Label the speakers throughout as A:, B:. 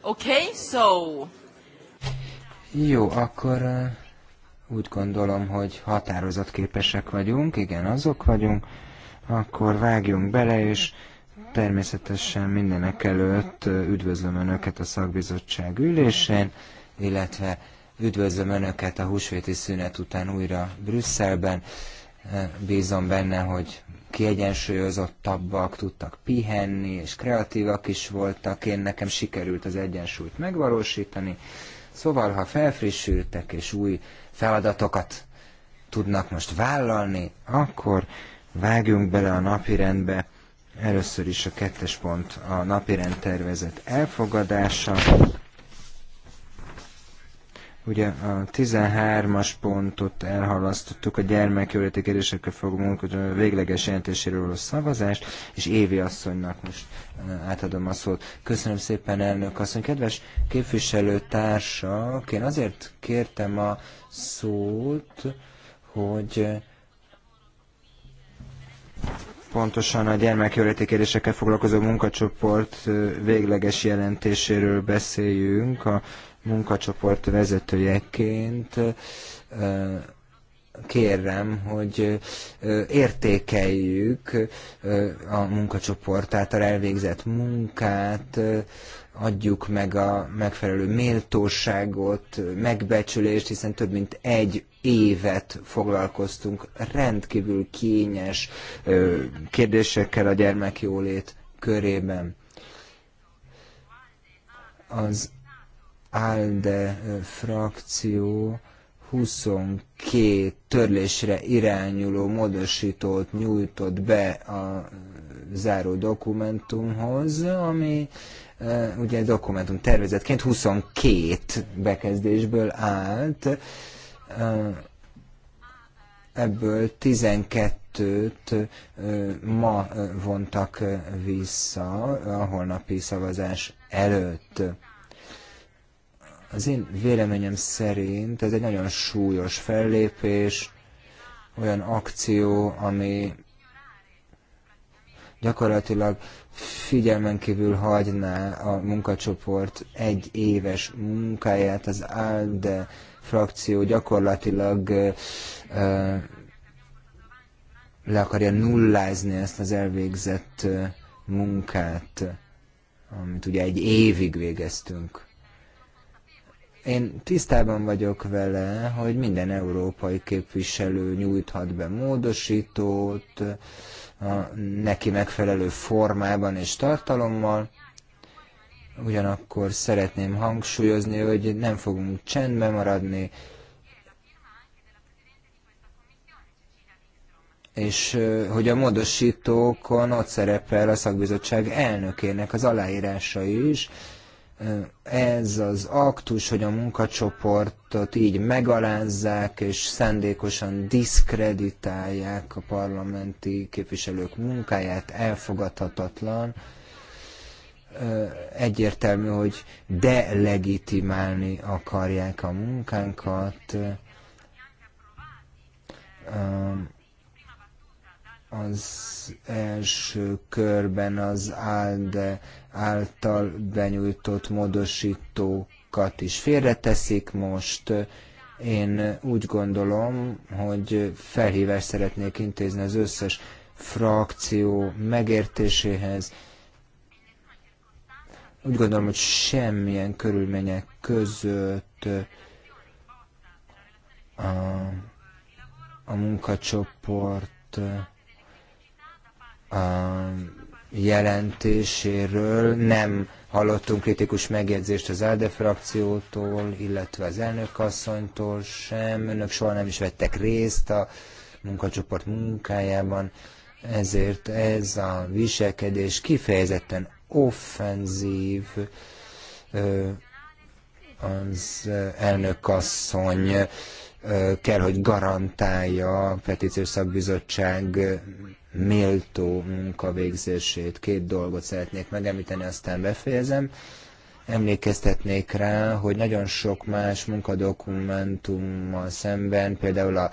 A: Okay,
B: so...
A: Jó, akkor úgy gondolom, hogy határozatképesek vagyunk, igen, azok vagyunk, akkor vágjunk bele, és természetesen mindenek előtt üdvözlöm Önöket a szakbizottság ülésén, illetve üdvözlöm Önöket a húsvéti szünet után újra Brüsszelben. Bízom benne, hogy kiegyensúlyozottabbak, tudtak pihenni, és kreatívak is voltak. Én nekem sikerült az egyensúlyt megvalósítani. Szóval, ha felfrissültek, és új feladatokat tudnak most vállalni, akkor vágjunk bele a napirendbe. Először is a kettes pont a napirend tervezet elfogadása. Ugye a 13-as pontot elhalasztottuk, a gyermekjóléti kérdésekkel fogunk a végleges jelentéséről a szavazást, és Évi asszonynak most eh, átadom a szót. Köszönöm szépen, elnök asszony. Kedves képviselő képviselőtársak, én azért kértem a szót, hogy eh, pontosan a gyermekjóléti kérdésekkel foglalkozó munkacsoport eh, végleges jelentéséről beszéljünk. A munkacsoport vezetőjeként kérem, hogy értékeljük a munkacsoport által elvégzett munkát, adjuk meg a megfelelő méltóságot, megbecsülést, hiszen több mint egy évet foglalkoztunk rendkívül kényes kérdésekkel a gyermekjólét körében. Az ALDE eh, frakció 22 törlésre irányuló módosítót nyújtott be a eh, záró dokumentumhoz, ami eh, ugye dokumentum tervezetként 22 bekezdésből állt, ebből 12-t ma vontak vissza a holnapi szavazás előtt. Az én véleményem szerint ez egy nagyon súlyos fellépés, olyan akció, ami gyakorlatilag figyelmen kívül hagyná a munkacsoport egy éves munkáját, az ALDE frakció gyakorlatilag ö, ö, le akarja nullázni ezt az elvégzett munkát, amit ugye egy évig végeztünk. Én tisztában vagyok vele, hogy minden európai képviselő nyújthat be módosítót, a neki megfelelő formában és tartalommal. Ugyanakkor szeretném hangsúlyozni, hogy nem fogunk csendben maradni, és hogy a módosítókon ott szerepel a szakbizottság elnökének az aláírása is, ez az aktus, hogy a munkacsoportot így megalázzák és szándékosan diszkreditálják a parlamenti képviselők munkáját, elfogadhatatlan. Egyértelmű, hogy delegitimálni akarják a munkánkat az első körben az ALDE által benyújtott módosítókat is félreteszik most. Eh, én úgy gondolom, hogy felhívást szeretnék intézni az összes frakció megértéséhez. Úgy gondolom, hogy semmilyen körülmények között eh, a, a munkacsoport eh, jelentéséről nem hallottunk kritikus megjegyzést az ALDE frakciótól, illetve az elnökasszonytól sem. Önök soha nem is vettek részt a munkacsoport munkájában, ezért ez a viselkedés kifejezetten offenzív az elnökasszony kell, hogy garantálja a petíciós szakbizottság méltó munkavégzését. Két dolgot szeretnék megemlíteni, aztán befejezem. Emlékeztetnék rá, hogy nagyon sok más munkadokumentummal szemben, például a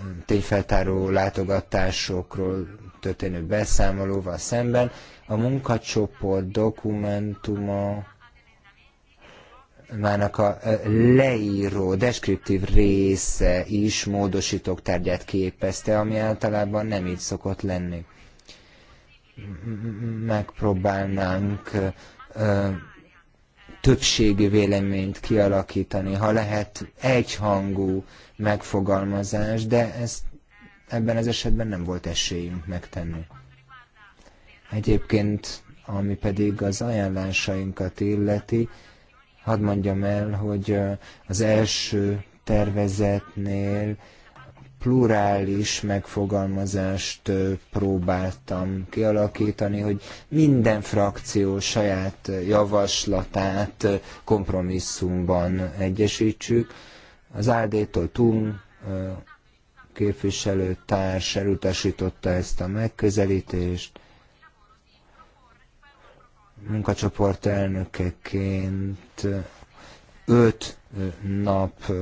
A: um, tényfeltáró látogatásokról történő beszámolóval szemben, a munkacsoport dokumentuma mának a eh, leíró, deskriptív része is módosítók tárgyát képezte, ami általában nem így szokott lenni. Megpróbálnánk eh, többségi véleményt kialakítani, ha lehet egyhangú megfogalmazás, de ezt ebben az esetben nem volt esélyünk megtenni. Egyébként, ami pedig az ajánlásainkat illeti, hadd mondjam el, hogy az első tervezetnél plurális megfogalmazást próbáltam kialakítani, hogy minden frakció saját javaslatát kompromisszumban egyesítsük. Az AD-tól TUM képviselőtárs elutasította ezt a megközelítést, munkacsoport elnökeként öt nap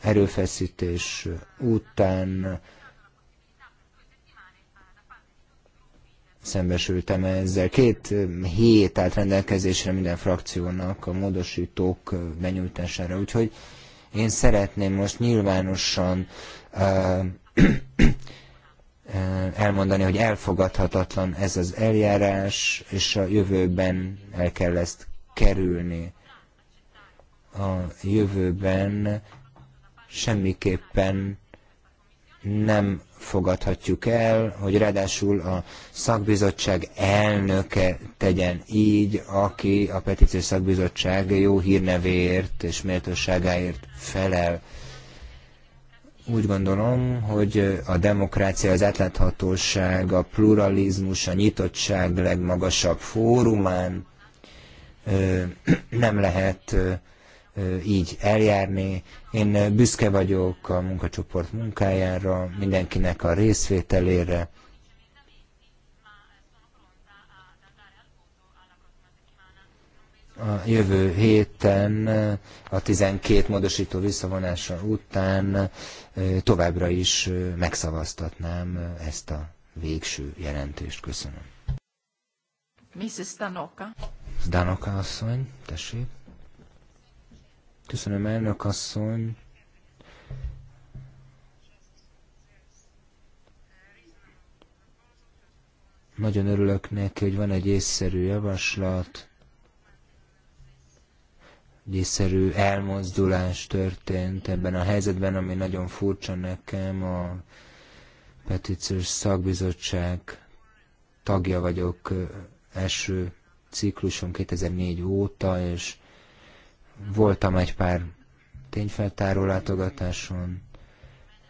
A: erőfeszítés után szembesültem ezzel. Két hét állt rendelkezésre minden frakciónak a módosítók benyújtására, úgyhogy én szeretném most nyilvánosan uh, Eh, elmondani, hogy elfogadhatatlan ez az eljárás, és a jövőben el kell ezt kerülni. A jövőben semmiképpen nem fogadhatjuk el, hogy ráadásul a szakbizottság elnöke tegyen így, aki a petíciós szakbizottság jó hírnevéért és méltóságáért felel úgy gondolom, hogy a demokrácia, az átláthatóság, a pluralizmus, a nyitottság legmagasabb fórumán nem lehet így eljárni. Én büszke vagyok a munkacsoport munkájára, mindenkinek a részvételére, a jövő héten a 12 módosító visszavonása után továbbra is megszavaztatnám ezt a végső jelentést. Köszönöm.
B: Mrs. Danoka.
A: Danoka asszony, tessék. Köszönöm, elnök asszony. Nagyon örülök neki, hogy van egy észszerű javaslat egyszerű elmozdulás történt ebben a helyzetben, ami nagyon furcsa nekem. A petíciós szakbizottság tagja vagyok első cikluson 2004 óta, és voltam egy pár tényfeltáró látogatáson.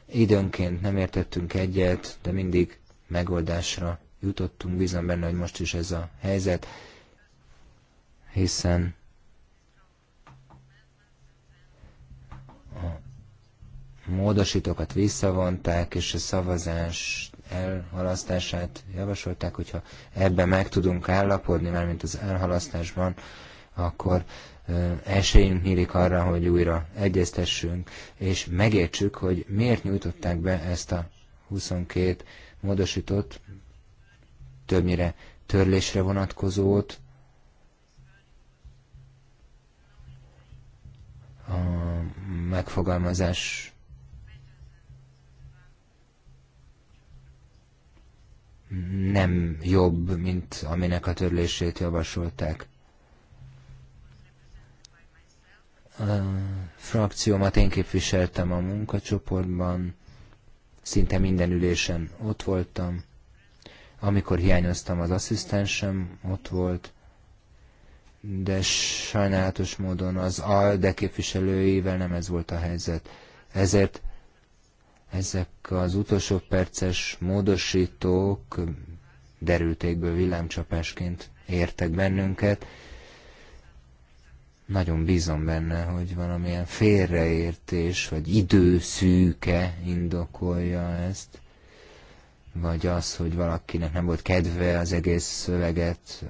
A: Időnként nem értettünk egyet, de mindig megoldásra jutottunk. Bízom benne, hogy most is ez a helyzet, hiszen a módosítókat visszavonták, és a szavazás elhalasztását javasolták, hogyha ebben meg tudunk állapodni, mármint az elhalasztásban, akkor esélyünk nyílik arra, hogy újra egyeztessünk, és megértsük, hogy miért nyújtották be ezt a 22 módosított, többnyire törlésre vonatkozót, a megfogalmazás nem jobb, mint aminek a törlését javasolták. A frakciómat én képviseltem a munkacsoportban, szinte minden ülésen ott voltam. Amikor hiányoztam, az asszisztensem ott volt de sajnálatos módon az ALDE képviselőivel nem ez volt a helyzet. Ezért ezek az utolsó perces módosítók derültékből villámcsapásként értek bennünket. Nagyon bízom benne, hogy valamilyen félreértés vagy időszűke indokolja ezt, vagy az, hogy valakinek nem volt kedve az egész szöveget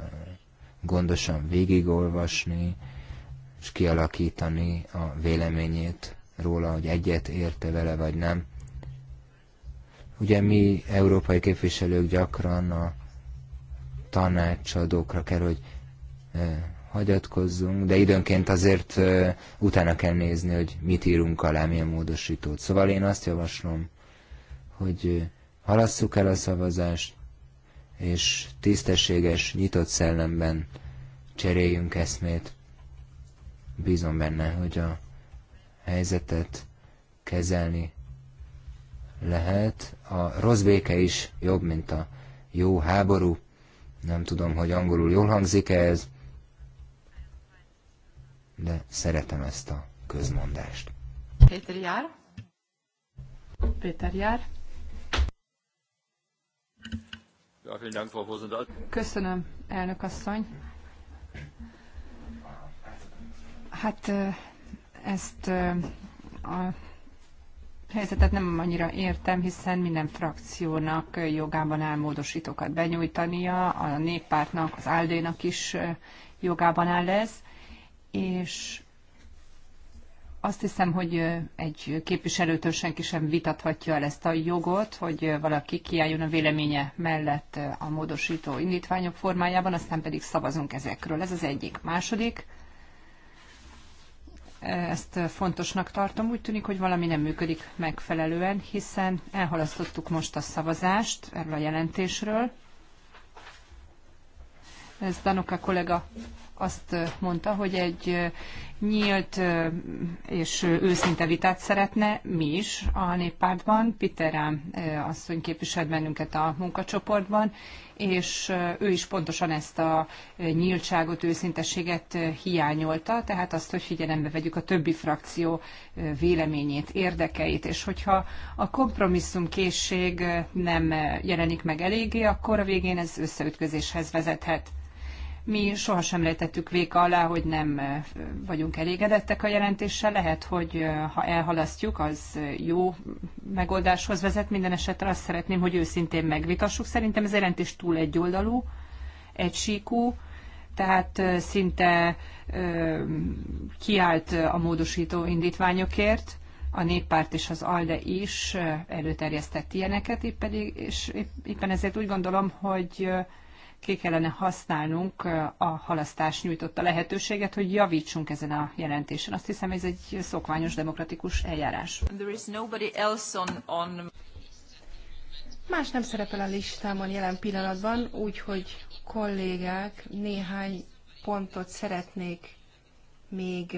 A: gondosan végigolvasni, és kialakítani a véleményét róla, hogy egyet érte vele vagy nem. Ugye mi európai képviselők gyakran a tanácsadókra kell, hogy hagyatkozzunk, de időnként azért utána kell nézni, hogy mit írunk alá, milyen módosítót. Szóval én azt javaslom, hogy halasszuk el a szavazást, és tisztességes, nyitott szellemben cseréljünk eszmét. Bízom benne, hogy a helyzetet kezelni lehet. A rossz béke is jobb, mint a jó háború. Nem tudom, hogy angolul jól hangzik-e ez, de szeretem ezt a közmondást.
B: Péter jár? Péter jár?
C: Köszönöm,
D: elnök asszony. Hát ezt a helyzetet nem annyira értem, hiszen minden frakciónak jogában áll módosítókat benyújtania, a néppártnak, az áldénak is jogában áll ez, és azt hiszem, hogy egy képviselőtől senki sem vitathatja el ezt a jogot, hogy valaki kiálljon a véleménye mellett a módosító indítványok formájában, aztán pedig szavazunk ezekről. Ez az egyik. Második, ezt fontosnak tartom. Úgy tűnik, hogy valami nem működik megfelelően, hiszen elhalasztottuk most a szavazást erről a jelentésről. Ez Danuka kollega azt mondta, hogy egy nyílt és őszinte vitát szeretne, mi is a néppártban. Pitera asszony képviselt bennünket a munkacsoportban, és ő is pontosan ezt a nyíltságot, őszintességet hiányolta, tehát azt, hogy figyelembe vegyük a többi frakció véleményét, érdekeit, és hogyha a kompromisszum készség nem jelenik meg eléggé, akkor a végén ez összeütközéshez vezethet. Mi sohasem rejtettük véka alá, hogy nem vagyunk elégedettek a jelentéssel. Lehet, hogy ha elhalasztjuk, az jó megoldáshoz vezet. Minden esetre azt szeretném, hogy őszintén megvitassuk. Szerintem ez a jelentés túl egyoldalú, egysíkú, tehát szinte ö, kiállt a módosító indítványokért a néppárt és az ALDE is előterjesztett ilyeneket, épp pedig, és éppen ezért úgy gondolom, hogy ki kellene használnunk a halasztás nyújtotta lehetőséget, hogy javítsunk ezen a jelentésen. Azt hiszem, ez egy szokványos demokratikus
B: eljárás. Más nem szerepel a listámon jelen pillanatban, úgyhogy kollégák, néhány pontot szeretnék még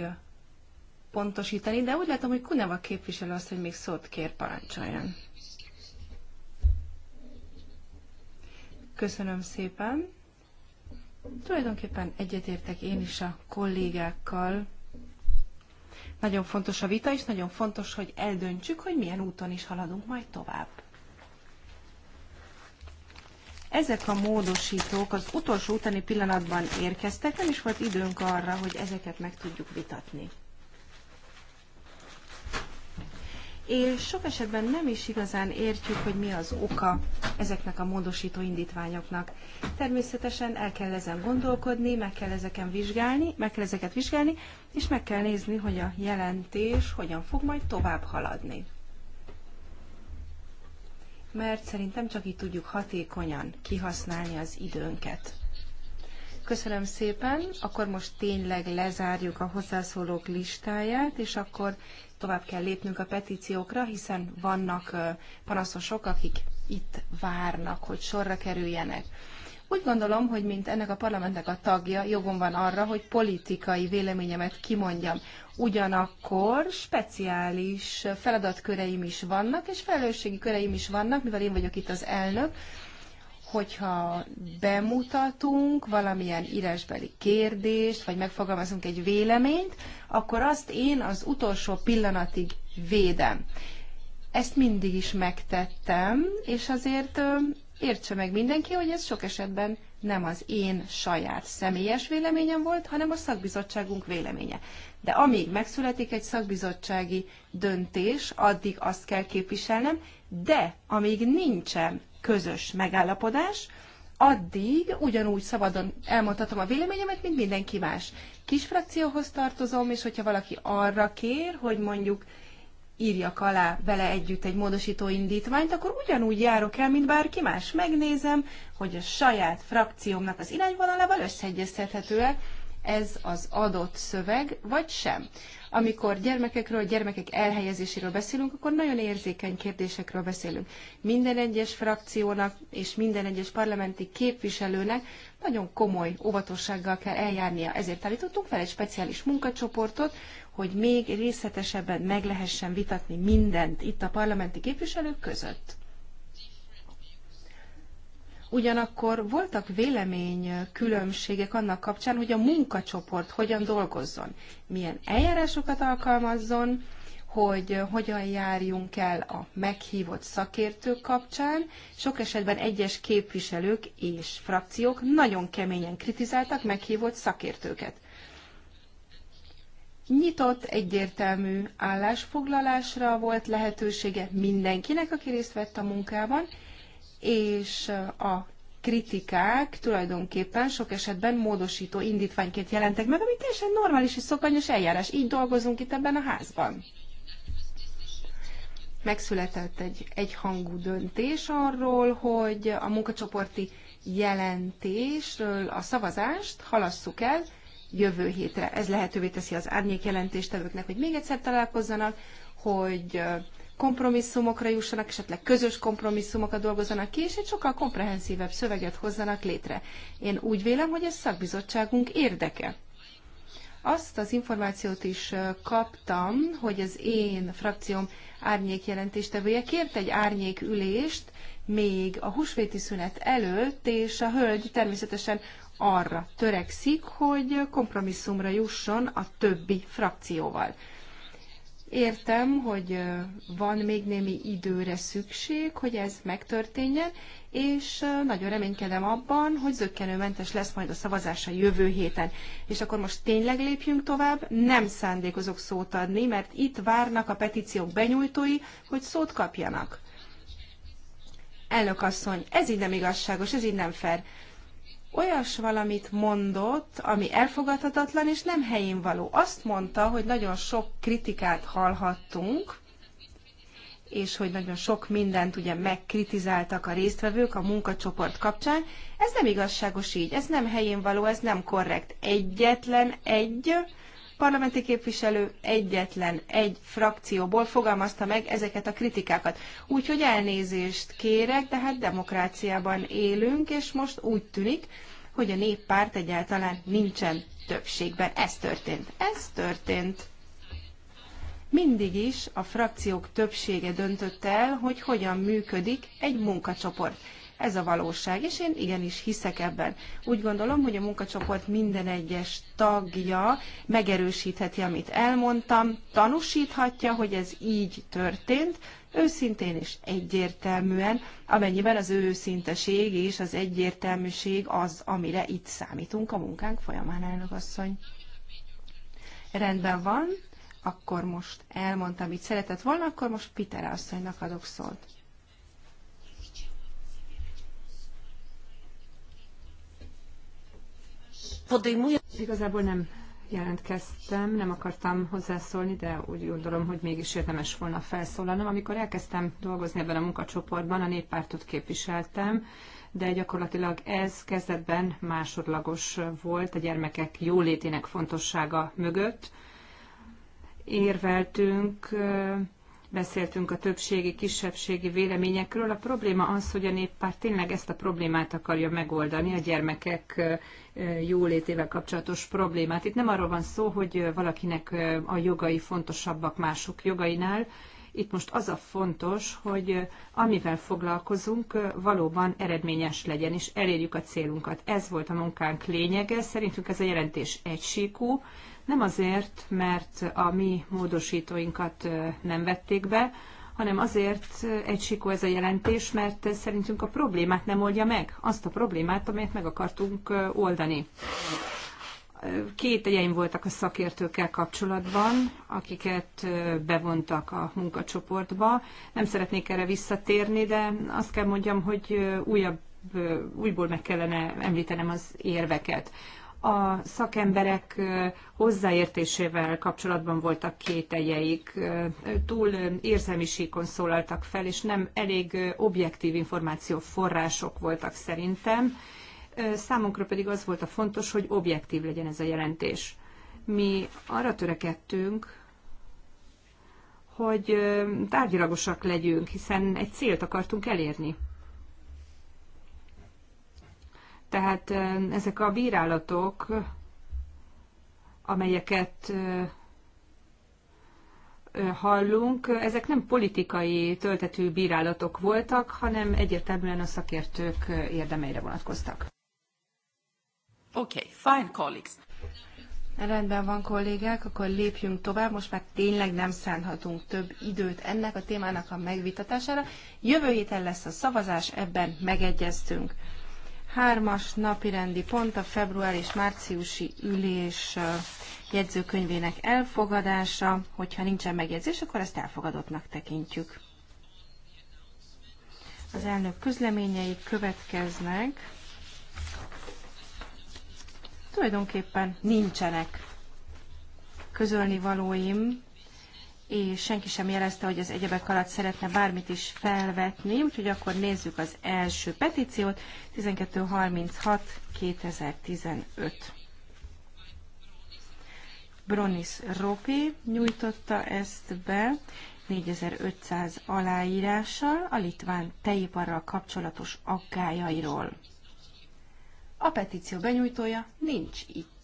B: pontosítani, de úgy látom, hogy Kuneva képviselő azt, hogy még szót kér parancsoljon. Köszönöm szépen. Tulajdonképpen egyetértek én is a kollégákkal. Nagyon fontos a vita, és nagyon fontos, hogy eldöntsük, hogy milyen úton is haladunk majd tovább. Ezek a módosítók az utolsó utáni pillanatban érkeztek, nem is volt időnk arra, hogy ezeket meg tudjuk vitatni. És sok esetben nem is igazán értjük, hogy mi az oka ezeknek a módosító indítványoknak. Természetesen el kell ezen gondolkodni, meg kell ezeken vizsgálni, meg kell ezeket vizsgálni, és meg kell nézni, hogy a jelentés hogyan fog majd tovább haladni. Mert szerintem csak így tudjuk hatékonyan kihasználni az időnket. Köszönöm szépen, akkor most tényleg lezárjuk a hozzászólók listáját, és akkor tovább kell lépnünk a petíciókra, hiszen vannak panaszosok, akik itt várnak, hogy sorra kerüljenek. Úgy gondolom, hogy mint ennek a parlamentnek a tagja, jogom van arra, hogy politikai véleményemet kimondjam. Ugyanakkor speciális feladatköreim is vannak, és felelősségi köreim is vannak, mivel én vagyok itt az elnök, hogyha bemutatunk valamilyen írásbeli kérdést, vagy megfogalmazunk egy véleményt, akkor azt én az utolsó pillanatig védem. Ezt mindig is megtettem, és azért értse meg mindenki, hogy ez sok esetben nem az én saját személyes véleményem volt, hanem a szakbizottságunk véleménye. De amíg megszületik egy szakbizottsági döntés, addig azt kell képviselnem, de amíg nincsen közös megállapodás, addig ugyanúgy szabadon elmondhatom a véleményemet, mint mindenki más. Kis frakcióhoz tartozom, és hogyha valaki arra kér, hogy mondjuk írjak alá vele együtt egy módosító indítványt, akkor ugyanúgy járok el, mint bárki más. Megnézem, hogy a saját frakciómnak az irányvonalával összeegyeztethető-e ez az adott szöveg, vagy sem. Amikor gyermekekről, gyermekek elhelyezéséről beszélünk, akkor nagyon érzékeny kérdésekről beszélünk. Minden egyes frakciónak és minden egyes parlamenti képviselőnek nagyon komoly óvatossággal kell eljárnia. Ezért állítottunk fel egy speciális munkacsoportot, hogy még részletesebben meg lehessen vitatni mindent itt a parlamenti képviselők között. Ugyanakkor voltak vélemény különbségek annak kapcsán, hogy a munkacsoport hogyan dolgozzon, milyen eljárásokat alkalmazzon, hogy hogyan járjunk el a meghívott szakértők kapcsán. Sok esetben egyes képviselők és frakciók nagyon keményen kritizáltak meghívott szakértőket nyitott, egyértelmű állásfoglalásra volt lehetősége mindenkinek, aki részt vett a munkában, és a kritikák tulajdonképpen sok esetben módosító indítványként jelentek meg, ami teljesen normális és szokanyos eljárás. Így dolgozunk itt ebben a házban. Megszületett egy egyhangú döntés arról, hogy a munkacsoporti jelentésről a szavazást halasszuk el jövő hétre. Ez lehetővé teszi az árnyék jelentéstevőknek, hogy még egyszer találkozzanak, hogy kompromisszumokra jussanak, esetleg közös kompromisszumokat dolgozzanak ki, és egy sokkal komprehenszívebb szöveget hozzanak létre. Én úgy vélem, hogy ez szakbizottságunk érdeke. Azt az információt is kaptam, hogy az én frakcióm árnyék jelentéstevője kért egy árnyék ülést, még a húsvéti szünet előtt, és a hölgy természetesen arra törekszik, hogy kompromisszumra jusson a többi frakcióval. Értem, hogy van még némi időre szükség, hogy ez megtörténjen, és nagyon reménykedem abban, hogy zöggenőmentes lesz majd a szavazása jövő héten. És akkor most tényleg lépjünk tovább, nem szándékozok szót adni, mert itt várnak a petíciók benyújtói, hogy szót kapjanak. Elnök asszony, ez így nem igazságos, ez így nem fair olyas valamit mondott, ami elfogadhatatlan és nem helyén való. Azt mondta, hogy nagyon sok kritikát hallhattunk, és hogy nagyon sok mindent ugye megkritizáltak a résztvevők a munkacsoport kapcsán. Ez nem igazságos így, ez nem helyén való, ez nem korrekt. Egyetlen egy parlamenti képviselő egyetlen egy frakcióból fogalmazta meg ezeket a kritikákat. Úgyhogy elnézést kérek, de hát demokráciában élünk, és most úgy tűnik, hogy a néppárt egyáltalán nincsen többségben. Ez történt. Ez történt. Mindig is a frakciók többsége döntött el, hogy hogyan működik egy munkacsoport. Ez a valóság, és én igenis hiszek ebben. Úgy gondolom, hogy a munkacsoport minden egyes tagja megerősítheti, amit elmondtam, tanúsíthatja, hogy ez így történt, őszintén és egyértelműen, amennyiben az őszinteség és az egyértelműség az, amire itt számítunk a munkánk folyamán, elnök asszony. Rendben van, akkor most elmondtam, amit szeretett volna, akkor most Pitere asszonynak adok szót. podejmuje... Igazából
D: nem jelentkeztem, nem akartam hozzászólni, de úgy gondolom, hogy mégis érdemes volna felszólalnom. Amikor elkezdtem dolgozni ebben a munkacsoportban, a néppártot képviseltem, de gyakorlatilag ez kezdetben másodlagos volt a gyermekek jólétének fontossága mögött. Érveltünk, beszéltünk a többségi, kisebbségi véleményekről. A probléma az, hogy a néppárt tényleg ezt a problémát akarja megoldani, a gyermekek jólétével kapcsolatos problémát. Itt nem arról van szó, hogy valakinek a jogai fontosabbak mások jogainál, itt most az a fontos, hogy amivel foglalkozunk, valóban eredményes legyen, és elérjük a célunkat. Ez volt a munkánk lényege, szerintünk ez a jelentés egysíkú, nem azért, mert a mi módosítóinkat nem vették be, hanem azért egy sikó ez a jelentés, mert szerintünk a problémát nem oldja meg. Azt a problémát, amelyet meg akartunk oldani. Két egyeim voltak a szakértőkkel kapcsolatban, akiket bevontak a munkacsoportba. Nem szeretnék erre visszatérni, de azt kell mondjam, hogy újabb újból meg kellene említenem az érveket a szakemberek hozzáértésével kapcsolatban voltak kételjeik, túl érzelmi síkon szólaltak fel, és nem elég objektív információ források voltak szerintem. Számunkra pedig az volt a fontos, hogy objektív legyen ez a jelentés. Mi arra törekedtünk, hogy tárgyilagosak legyünk, hiszen egy célt akartunk elérni. Tehát ezek a bírálatok, amelyeket hallunk, ezek nem politikai töltetű bírálatok voltak, hanem egyértelműen a szakértők
B: érdemeire vonatkoztak. Oké, okay, fine colleagues. Rendben van, kollégák, akkor lépjünk tovább. Most már tényleg nem szánhatunk több időt ennek a témának a megvitatására. Jövő héten lesz a szavazás, ebben megegyeztünk. Hármas napirendi pont a február és márciusi ülés jegyzőkönyvének elfogadása. Hogyha nincsen megjegyzés, akkor ezt elfogadottnak tekintjük. Az elnök közleményei következnek. Tulajdonképpen nincsenek közölni valóim, és senki sem jelezte, hogy az egyebek alatt szeretne bármit is felvetni, úgyhogy akkor nézzük az első petíciót, 1236 2015. Bronis Ropi nyújtotta ezt be 4500 aláírással a litván tejiparral kapcsolatos aggájairól. A petíció benyújtója nincs itt.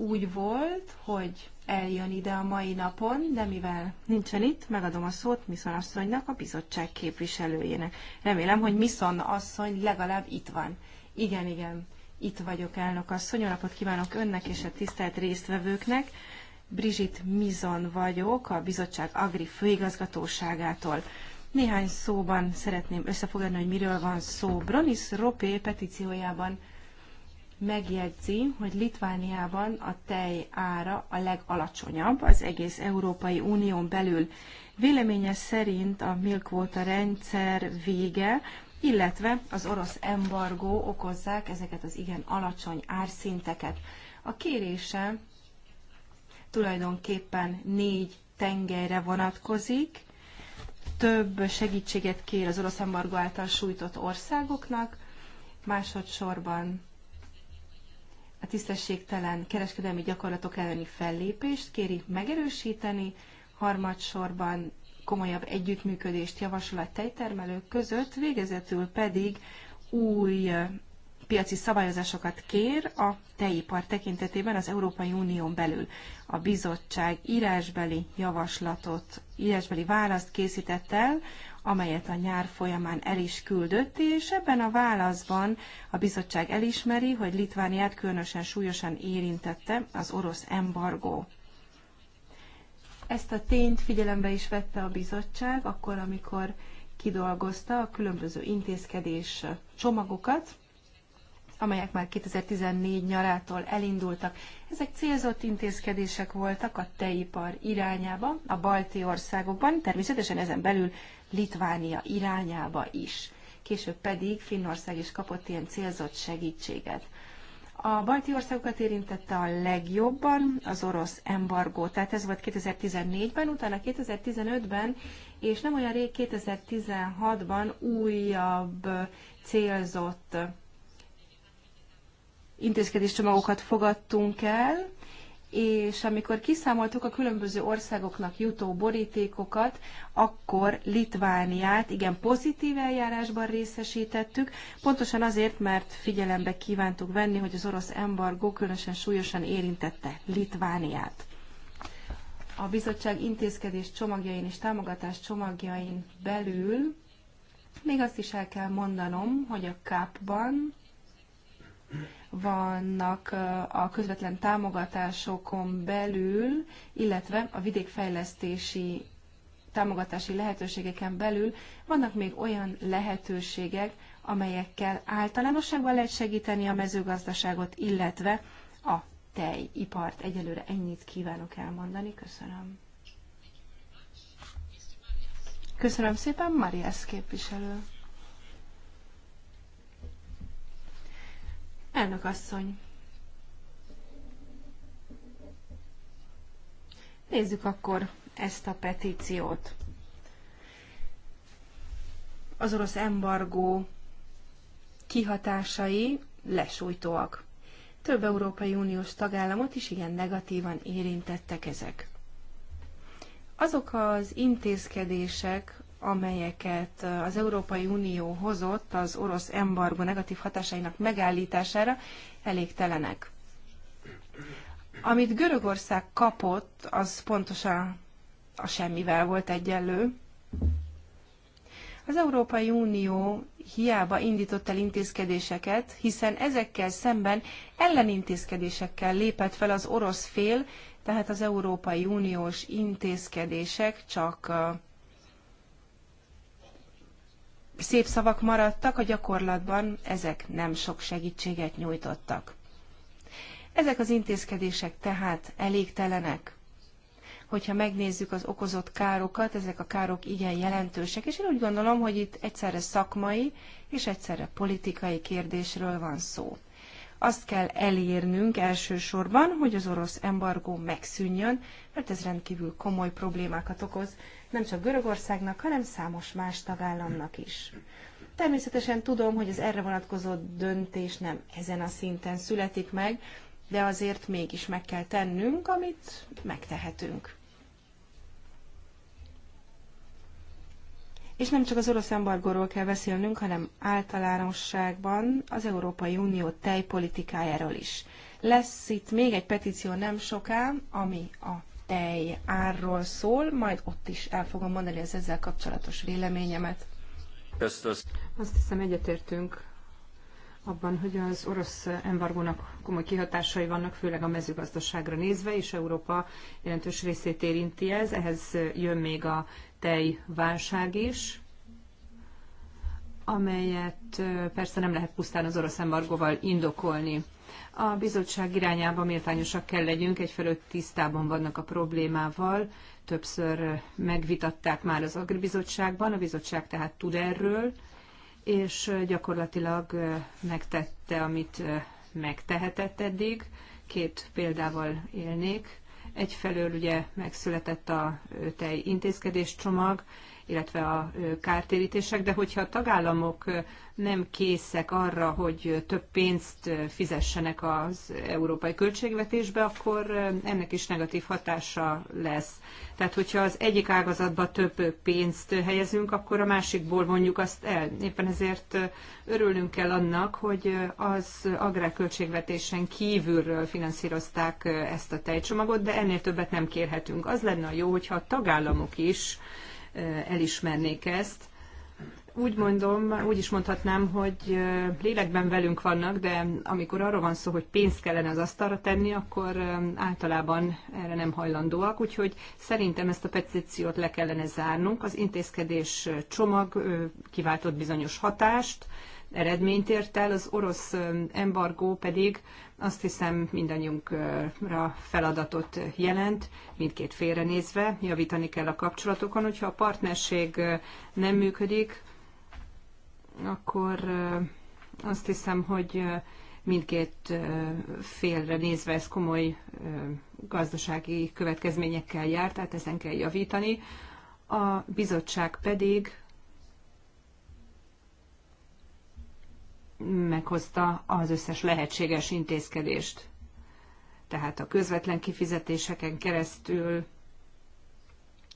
B: úgy volt, hogy eljön ide a mai napon, de mivel nincsen itt, megadom a szót Miszon asszonynak, a bizottság képviselőjének. Remélem, hogy Miszon asszony legalább itt van. Igen, igen, itt vagyok, elnök asszony. napot kívánok önnek és a tisztelt résztvevőknek. Brigitte Mizon vagyok, a bizottság Agri főigazgatóságától. Néhány szóban szeretném összefoglalni, hogy miről van szó. Bronis Ropé petíciójában megjegyzi, hogy Litvániában a tej ára a legalacsonyabb az egész Európai Unión belül. Véleménye szerint a milkvóta rendszer vége, illetve az orosz embargó okozzák ezeket az igen alacsony árszinteket. A kérése tulajdonképpen négy tengelyre vonatkozik, több segítséget kér az orosz embargó által sújtott országoknak, másodszorban a tisztességtelen kereskedelmi gyakorlatok elleni fellépést kéri megerősíteni, harmadsorban komolyabb együttműködést javasol a tejtermelők között, végezetül pedig új piaci szabályozásokat kér a tejipar tekintetében az Európai Unión belül. A bizottság írásbeli javaslatot, írásbeli választ készített el amelyet a nyár folyamán el is küldött, és ebben a válaszban a bizottság elismeri, hogy Litvániát különösen súlyosan érintette az orosz embargó. Ezt a tényt figyelembe is vette a bizottság, akkor, amikor kidolgozta a különböző intézkedés csomagokat, amelyek már 2014 nyarától elindultak. Ezek célzott intézkedések voltak a teipar irányába, a balti országokban, természetesen ezen belül Litvánia irányába is. Később pedig Finnország is kapott ilyen célzott segítséget. A balti országokat érintette a legjobban az orosz embargó, tehát ez volt 2014-ben, utána 2015-ben, és nem olyan rég 2016-ban újabb célzott intézkedéscsomagokat fogadtunk el, és amikor kiszámoltuk a különböző országoknak jutó borítékokat, akkor Litvániát igen pozitív eljárásban részesítettük, pontosan azért, mert figyelembe kívántuk venni, hogy az orosz embargó különösen súlyosan érintette Litvániát. A bizottság intézkedés csomagjain és támogatás csomagjain belül még azt is el kell mondanom, hogy a kápban vannak a közvetlen támogatásokon belül, illetve a vidékfejlesztési támogatási lehetőségeken belül vannak még olyan lehetőségek, amelyekkel általánosságban lehet segíteni a mezőgazdaságot, illetve a tejipart. Egyelőre ennyit kívánok elmondani. Köszönöm. Köszönöm szépen, Marias képviselő. Elnök asszony. Nézzük akkor ezt a petíciót. Az orosz embargó kihatásai lesújtóak. Több Európai Uniós tagállamot is igen negatívan érintettek ezek. Azok az intézkedések, amelyeket eh, az Európai Unió hozott az orosz embargo negatív hatásainak megállítására, elégtelenek. Amit Görögország kapott, az pontosan a semmivel volt egyenlő. Az Európai Unió hiába indított el intézkedéseket, hiszen ezekkel szemben ellenintézkedésekkel lépett fel az orosz fél, tehát az Európai Uniós intézkedések csak eh, szép szavak maradtak, a gyakorlatban ezek nem sok segítséget nyújtottak. Ezek az intézkedések tehát elégtelenek. Hogyha megnézzük az okozott károkat, ezek a károk igen jelentősek, és én úgy gondolom, hogy itt egyszerre szakmai és egyszerre politikai kérdésről van szó. Azt kell elérnünk elsősorban, hogy az orosz embargó megszűnjön, mert ez rendkívül komoly problémákat okoz nem csak Görögországnak, hanem számos más tagállamnak is. Természetesen tudom, hogy az erre vonatkozó döntés nem ezen a szinten születik meg, de azért mégis meg kell tennünk, amit megtehetünk. És nem csak az orosz embargóról kell beszélnünk, hanem általánosságban az Európai Unió tejpolitikájáról is. Lesz itt még egy petíció nem soká, ami a tej árról szól, majd ott is el fogom mondani az ezzel kapcsolatos véleményemet. Azt hiszem egyetértünk
D: abban, hogy az orosz embargónak komoly kihatásai vannak, főleg a mezőgazdaságra nézve, és Európa jelentős részét érinti ez. Ehhez jön még a tejválság is, amelyet persze nem lehet pusztán az orosz embargóval indokolni. A bizottság irányába méltányosak kell legyünk, egyfelől tisztában vannak a problémával, többször megvitatták már az Agribizottságban, a bizottság tehát tud erről, és gyakorlatilag megtette, amit megtehetett eddig. Két példával élnék. Egyfelől ugye megszületett a tej intézkedéscsomag, illetve a kártérítések, de hogyha a tagállamok nem készek arra, hogy több pénzt fizessenek az európai költségvetésbe, akkor ennek is negatív hatása lesz. Tehát, hogyha az egyik ágazatba több pénzt helyezünk, akkor a másikból vonjuk azt el. Éppen ezért örülnünk kell annak, hogy az agrárköltségvetésen kívülről finanszírozták ezt a tejcsomagot, de ennél többet nem kérhetünk. Az lenne a jó, hogyha a tagállamok is elismernék ezt. Úgy mondom, úgy is mondhatnám, hogy lélekben velünk vannak, de amikor arról van szó, hogy pénzt kellene az asztalra tenni, akkor általában erre nem hajlandóak, úgyhogy szerintem ezt a petíciót le kellene zárnunk. Az intézkedés csomag kiváltott bizonyos hatást, eredményt ért el, az orosz embargó pedig azt hiszem mindannyiunkra feladatot jelent, mindkét félre nézve, javítani kell a kapcsolatokon, hogyha a partnerség nem működik, akkor azt hiszem, hogy mindkét félre nézve ez komoly gazdasági következményekkel jár, tehát ezen kell javítani. A bizottság pedig meghozta az összes lehetséges intézkedést. Tehát a közvetlen kifizetéseken keresztül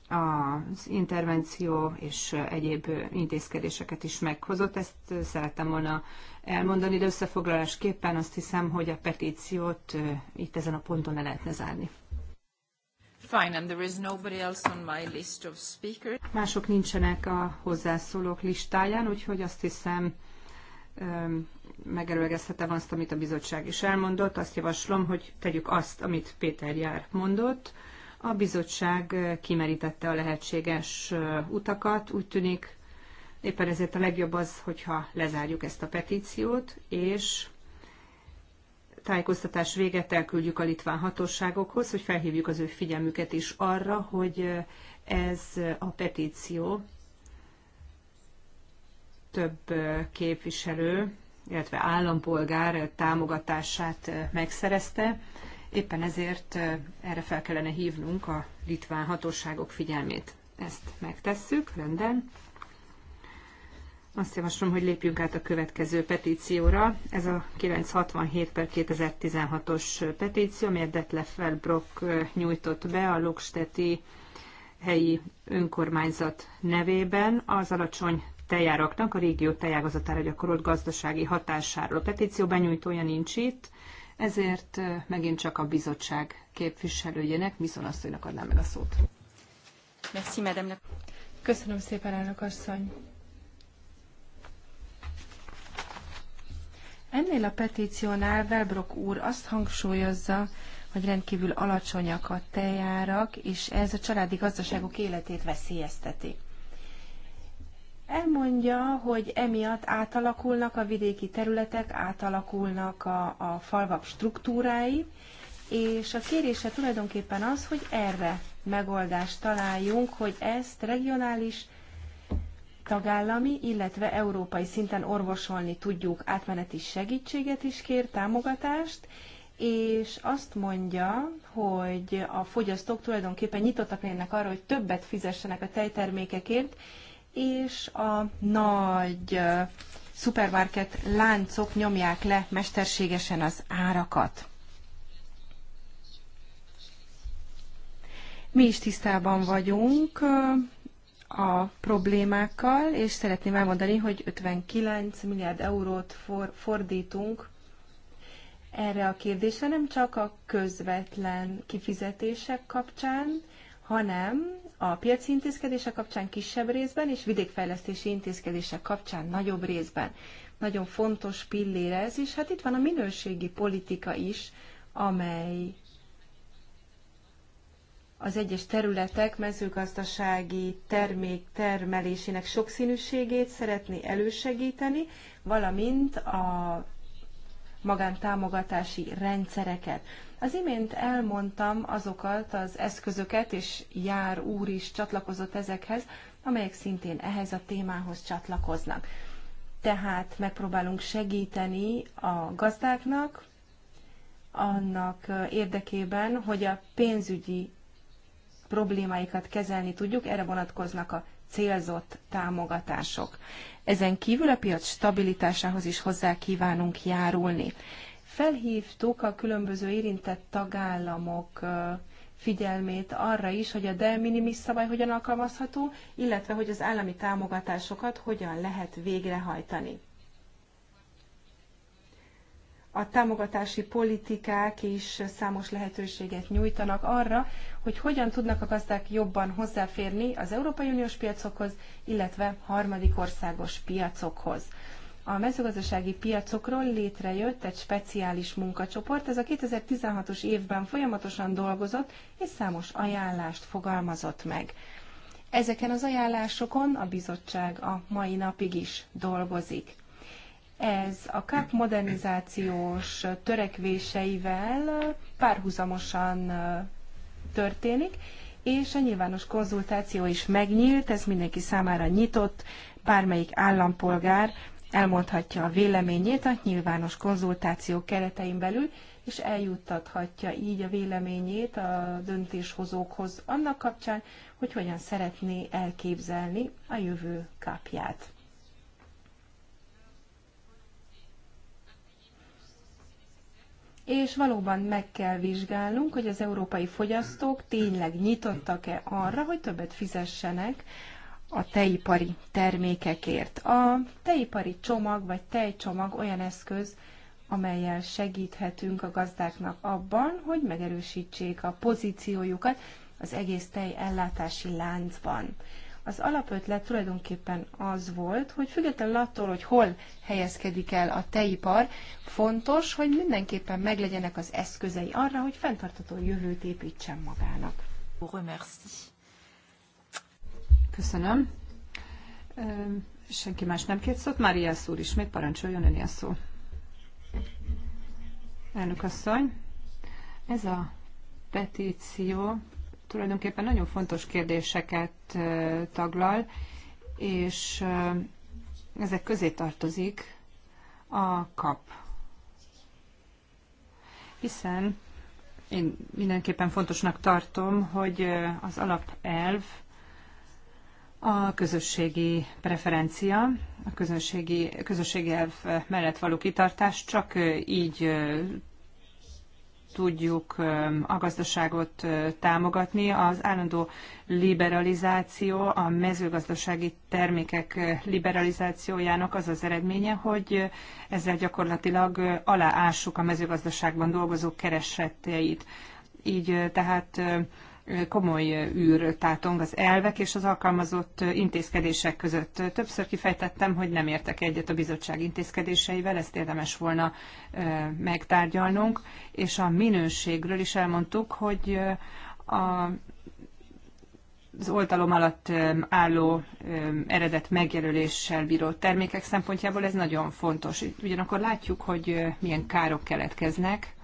D: az intervenció és egyéb intézkedéseket is meghozott. Ezt szerettem volna elmondani, de összefoglalásképpen azt hiszem, hogy a petíciót itt ezen a ponton le lehetne zárni.
B: Fine, and there is nobody else on my list of speakers.
D: Mások nincsenek a hozzászólók listáján, úgyhogy azt hiszem megerőlegezhetem azt, amit a bizottság is elmondott. Azt javaslom, hogy tegyük azt, amit Péter Jár mondott. A bizottság kimerítette a lehetséges utakat, úgy tűnik. Éppen ezért a legjobb az, hogyha lezárjuk ezt a petíciót, és tájékoztatás véget elküldjük a litván hatóságokhoz, hogy felhívjuk az ő figyelmüket is arra, hogy ez a petíció több képviselő, illetve állampolgár támogatását megszerezte. Éppen ezért erre fel kellene hívnunk a litván hatóságok figyelmét. Ezt megtesszük, rendben. Azt javaslom, hogy lépjünk át a következő petícióra. Ez a 967 per 2016-os petíció, amelyet Detleffel Brock nyújtott be a Loksteti helyi önkormányzat nevében az alacsony tejáraknak a régió tejágazatára gyakorolt gazdasági hatásáról. A petíció benyújtója nincs itt, ezért megint csak a bizottság képviselőjének, Miszon asszonynak adnám meg a szót.
B: Merci, madame. Köszönöm szépen, elnök asszony. Ennél a petíciónál Velbrok úr azt hangsúlyozza, hogy rendkívül alacsonyak a tejárak, és ez a családi gazdaságok életét veszélyezteti. Elmondja, hogy emiatt átalakulnak a vidéki területek, átalakulnak a, a falvak struktúrái, és a kérése tulajdonképpen az, hogy erre megoldást találjunk, hogy ezt regionális, tagállami, illetve európai szinten orvosolni tudjuk. Átmeneti segítséget is kér, támogatást, és azt mondja, hogy a fogyasztók tulajdonképpen nyitottak lennek arra, hogy többet fizessenek a tejtermékekért, és a nagy szupermarket láncok nyomják le mesterségesen az árakat. Mi is tisztában vagyunk a problémákkal, és szeretném elmondani, hogy 59 milliárd eurót for, fordítunk erre a kérdésre, nem csak a közvetlen kifizetések kapcsán, hanem a piaci intézkedések kapcsán kisebb részben, és vidékfejlesztési intézkedések kapcsán nagyobb részben. Nagyon fontos pillére ez és hát itt van a minőségi politika is, amely az egyes területek mezőgazdasági termék termelésének sokszínűségét szeretné elősegíteni, valamint a magántámogatási rendszereket. Az imént elmondtam azokat az eszközöket, és Jár úr is csatlakozott ezekhez, amelyek szintén ehhez a témához csatlakoznak. Tehát megpróbálunk segíteni a gazdáknak, annak érdekében, hogy a pénzügyi problémáikat kezelni tudjuk, erre vonatkoznak a célzott támogatások. Ezen kívül a piac stabilitásához is hozzá kívánunk járulni. Felhívtuk a különböző érintett tagállamok figyelmét arra is, hogy a de minimis szabály hogyan alkalmazható, illetve hogy az állami támogatásokat hogyan lehet végrehajtani. A támogatási politikák is számos lehetőséget nyújtanak arra, hogy hogyan tudnak a gazdák jobban hozzáférni az Európai Uniós piacokhoz, illetve harmadik országos piacokhoz a mezőgazdasági piacokról létrejött egy speciális munkacsoport. Ez a 2016-os évben folyamatosan dolgozott, és számos ajánlást fogalmazott meg. Ezeken az ajánlásokon a bizottság a mai napig is dolgozik. Ez a KAP modernizációs törekvéseivel párhuzamosan történik, és a nyilvános konzultáció is megnyílt, ez mindenki számára nyitott, bármelyik állampolgár elmondhatja a véleményét a nyilvános konzultáció keretein belül, és eljuttathatja így a véleményét a döntéshozókhoz annak kapcsán, hogy hogyan szeretné elképzelni a jövő kapját. és valóban meg kell vizsgálnunk, hogy az európai fogyasztók tényleg nyitottak-e arra, hogy többet fizessenek a tejipari termékekért. A tejipari csomag vagy tejcsomag olyan eszköz, amelyel segíthetünk a gazdáknak abban, hogy megerősítsék a pozíciójukat az egész tej ellátási láncban. Az alapötlet tulajdonképpen az volt, hogy függetlenül attól, hogy hol helyezkedik el a tejipar, fontos, hogy mindenképpen meglegyenek az eszközei arra, hogy fenntartató jövőt építsen magának.
D: Köszönöm. Senki más nem kért szót. Mária úr ismét parancsoljon öné a szó. Elnök asszony, ez a petíció tulajdonképpen nagyon fontos kérdéseket taglal, és ezek közé tartozik a kap. Hiszen én mindenképpen fontosnak tartom, hogy az alapelv a közösségi preferencia, a közösségi, közösségi elv mellett való kitartás csak így tudjuk a gazdaságot támogatni. Az állandó liberalizáció, a mezőgazdasági termékek liberalizációjának az az eredménye, hogy ezzel gyakorlatilag aláássuk a mezőgazdaságban dolgozók kereseteit. Így tehát komoly űr tátong az elvek és az alkalmazott intézkedések között. Többször kifejtettem, hogy nem értek egyet a bizottság intézkedéseivel, ezt érdemes volna megtárgyalnunk, és a minőségről is elmondtuk, hogy a az oltalom alatt álló eredet megjelöléssel bíró termékek szempontjából ez nagyon fontos. Ugyanakkor látjuk, hogy milyen károk keletkeznek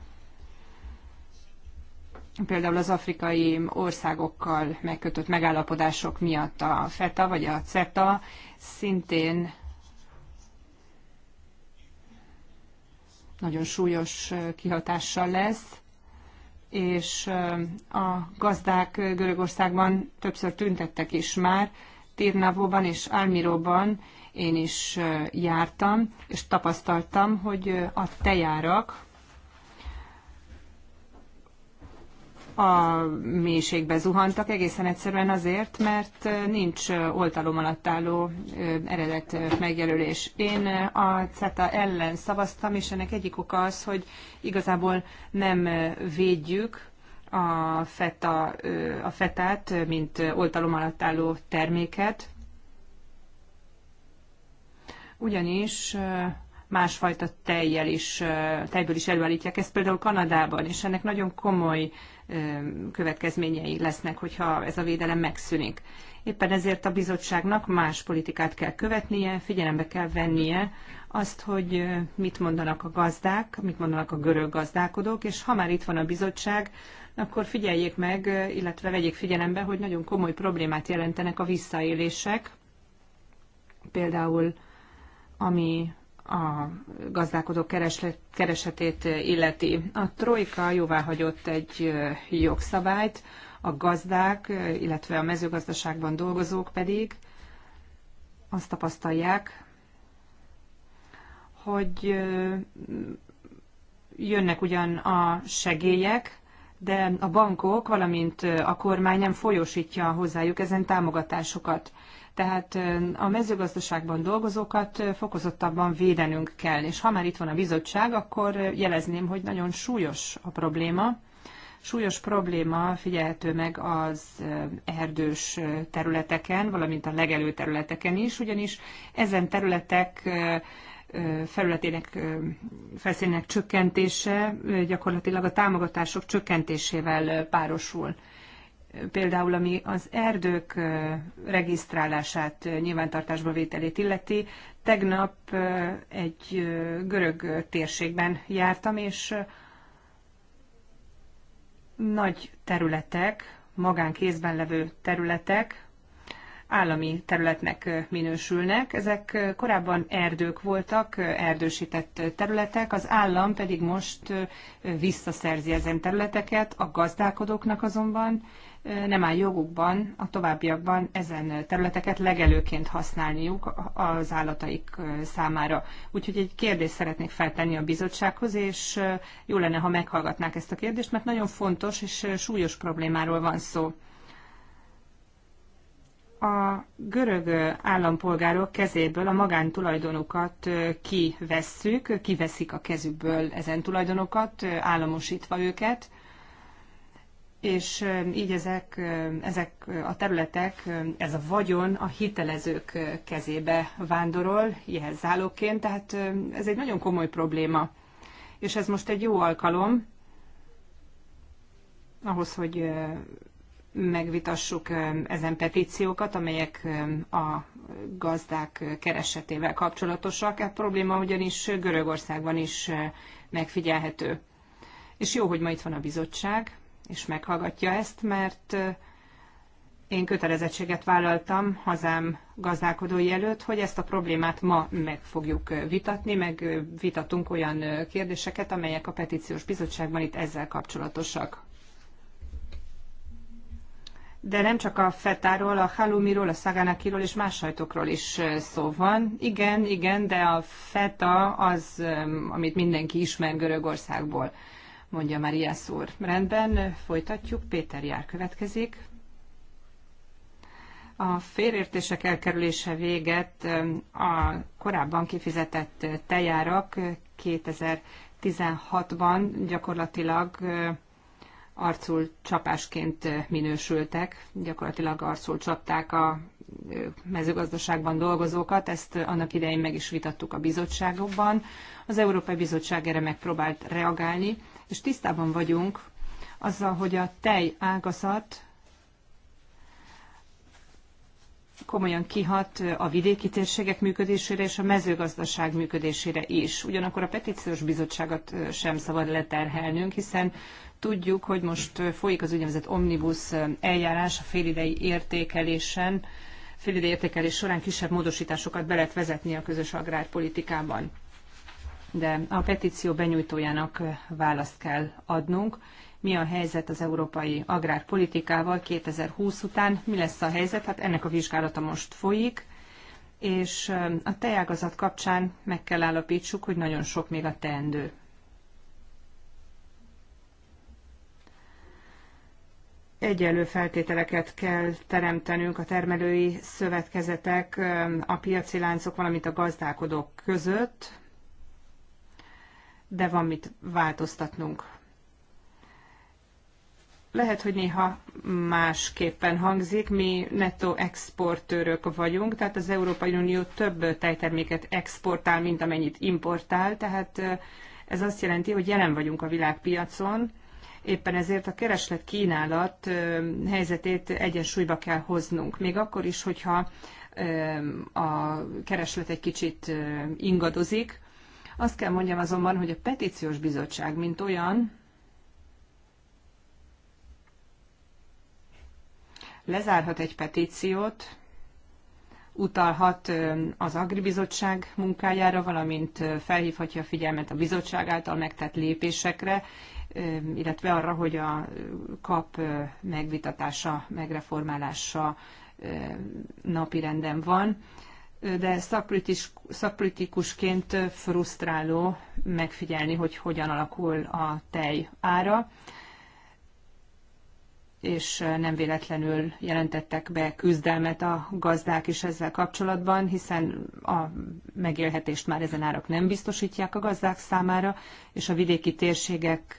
D: például az afrikai országokkal megkötött megállapodások miatt a FETA vagy a CETA szintén nagyon súlyos kihatással lesz, és a gazdák Görögországban többször tüntettek is már, Tirnavóban és Álmiróban én is jártam, és tapasztaltam, hogy a tejárak a mélységbe zuhantak, egészen egyszerűen azért, mert nincs oltalom alatt álló eredet megjelölés. Én a CETA ellen szavaztam, és ennek egyik oka az, hogy igazából nem védjük a, feta, a fetát, mint oltalom alatt álló terméket, ugyanis másfajta tejjel is, tejből is előállítják ezt például Kanadában, és ennek nagyon komoly következményei lesznek, hogyha ez a védelem megszűnik. Éppen ezért a bizottságnak más politikát kell követnie, figyelembe kell vennie azt, hogy mit mondanak a gazdák, mit mondanak a görög gazdálkodók, és ha már itt van a bizottság, akkor figyeljék meg, illetve vegyék figyelembe, hogy nagyon komoly problémát jelentenek a visszaélések, például ami a gazdálkodók keresetét illeti. A Trojka jóváhagyott egy jogszabályt, a gazdák, illetve a mezőgazdaságban dolgozók pedig azt tapasztalják, hogy jönnek ugyan a segélyek, de a bankok, valamint a kormány nem folyósítja hozzájuk ezen támogatásokat. Tehát a mezőgazdaságban dolgozókat fokozottabban védenünk kell, és ha már itt van a bizottság, akkor jelezném, hogy nagyon súlyos a probléma. Súlyos probléma figyelhető meg az erdős területeken, valamint a legelő területeken is, ugyanis ezen területek felületének felszínének csökkentése gyakorlatilag a támogatások csökkentésével párosul például ami az erdők regisztrálását, nyilvántartásba vételét illeti. Tegnap egy görög térségben jártam, és nagy területek, magánkézben levő területek, állami területnek minősülnek. Ezek korábban erdők voltak, erdősített területek, az állam pedig most visszaszerzi ezen területeket, a gazdálkodóknak azonban nem áll jogukban a továbbiakban ezen területeket legelőként használniuk az állataik számára. Úgyhogy egy kérdést szeretnék feltenni a bizottsághoz, és jó lenne, ha meghallgatnák ezt a kérdést, mert nagyon fontos és súlyos problémáról van szó a görög állampolgárok kezéből a magántulajdonokat kivesszük, kiveszik a kezükből ezen tulajdonokat, államosítva őket és um, így ezek, um, ezek a területek, um, ez a vagyon a hitelezők uh, kezébe vándorol, jelzálóként, tehát ez egy nagyon komoly probléma. És ez most egy jó alkalom ahhoz, hogy uh, megvitassuk ezen petíciókat, amelyek a gazdák keresetével kapcsolatosak. A hát probléma ugyanis Görögországban is uh, megfigyelhető. És jó, hogy ma itt van a bizottság, és meghallgatja ezt, mert én kötelezettséget vállaltam hazám gazdálkodói előtt, hogy ezt a problémát ma meg fogjuk vitatni, meg vitatunk olyan kérdéseket, amelyek a petíciós bizottságban itt ezzel kapcsolatosak. De nem csak a fetáról, a halumiról, a szaganakiról és más sajtokról is szó van. Igen, igen, de a feta az, amit mindenki ismer Görögországból mondja Mariász úr. Rendben, folytatjuk. Péter Jár következik. A félértések elkerülése véget a korábban kifizetett tejárak 2016-ban gyakorlatilag arcul csapásként minősültek, gyakorlatilag arcul csapták a mezőgazdaságban dolgozókat, ezt annak idején meg is vitattuk a bizottságokban. Az Európai Bizottság erre megpróbált reagálni, és tisztában vagyunk azzal, hogy a tej ágazat komolyan kihat a vidéki térségek működésére és a mezőgazdaság működésére is. Ugyanakkor a petíciós bizottságot sem szabad leterhelnünk, hiszen tudjuk, hogy most folyik az úgynevezett omnibus eljárás a félidei értékelésen, félidei értékelés során kisebb módosításokat be lehet vezetni a közös agrárpolitikában de a petíció benyújtójának választ kell adnunk. Mi a helyzet az európai agrárpolitikával 2020 után? Mi lesz a helyzet? Hát ennek a vizsgálata most folyik, és a tejágazat kapcsán meg kell állapítsuk, hogy nagyon sok még a teendő. egyenlő feltételeket kell teremtenünk a termelői szövetkezetek, a piaci láncok, valamint a gazdálkodók között, de van mit változtatnunk. Lehet, hogy néha másképpen hangzik, mi nettó exportőrök vagyunk, tehát az Európai Unió több tejterméket exportál, mint amennyit importál, tehát ez azt jelenti, hogy jelen vagyunk a világpiacon, éppen ezért a kereslet kínálat helyzetét egyensúlyba kell hoznunk. Még akkor is, hogyha a kereslet egy kicsit ingadozik, azt kell mondjam azonban, hogy a petíciós bizottság, mint olyan, lezárhat egy petíciót, utalhat az Agribizottság munkájára, valamint felhívhatja a figyelmet a bizottság által megtett lépésekre, illetve arra, hogy a kap megvitatása, megreformálása napirenden van de szakkritikus, szakkritikusként frusztráló megfigyelni, hogy hogyan alakul a tej ára és nem véletlenül jelentettek be küzdelmet a gazdák is ezzel kapcsolatban, hiszen a megélhetést már ezen árak nem biztosítják a gazdák számára, és a vidéki térségek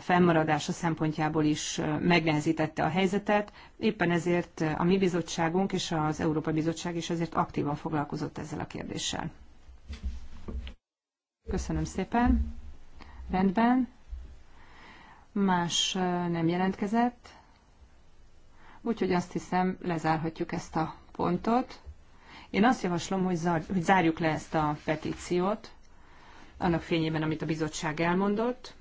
D: fennmaradása szempontjából is megnehezítette a helyzetet. Éppen ezért a mi bizottságunk és az Európa Bizottság is ezért aktívan foglalkozott ezzel a kérdéssel. Köszönöm szépen. Rendben. Más nem jelentkezett. Úgyhogy azt hiszem, lezárhatjuk ezt a pontot. Én azt javaslom, hogy, hogy zárjuk le ezt a petíciót, annak fényében, amit a bizottság elmondott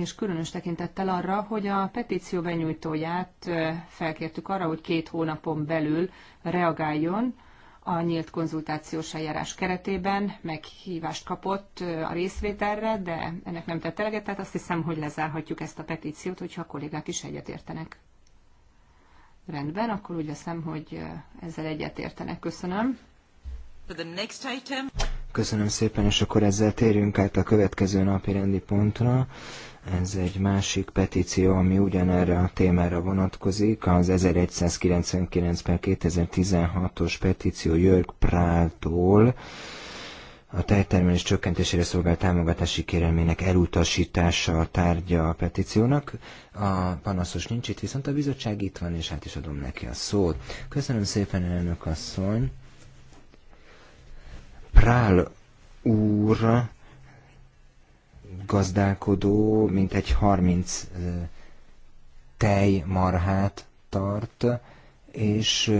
D: és különös tekintettel arra, hogy a petíció benyújtóját felkértük arra, hogy két hónapon belül reagáljon a nyílt konzultációs eljárás keretében, meghívást kapott a részvételre, de ennek nem tett eleget, tehát azt hiszem, hogy lezárhatjuk ezt a petíciót, hogyha a kollégák is egyetértenek. Rendben, akkor úgy veszem, hogy ezzel egyetértenek. Köszönöm.
A: Köszönöm szépen, és akkor ezzel térjünk át a következő napi rendi pontra. Ez egy másik petíció, ami ugyanerre a témára vonatkozik, az 1199 2016-os petíció Jörg Práltól a tejtermelés csökkentésére szolgál támogatási kérelmének elutasítása a tárgya a petíciónak. A panaszos nincs itt, viszont a bizottság itt van, és hát is adom neki a szót. Köszönöm szépen, elnök asszony. Prál úr gazdálkodó mintegy 30 tejmarhát tart, és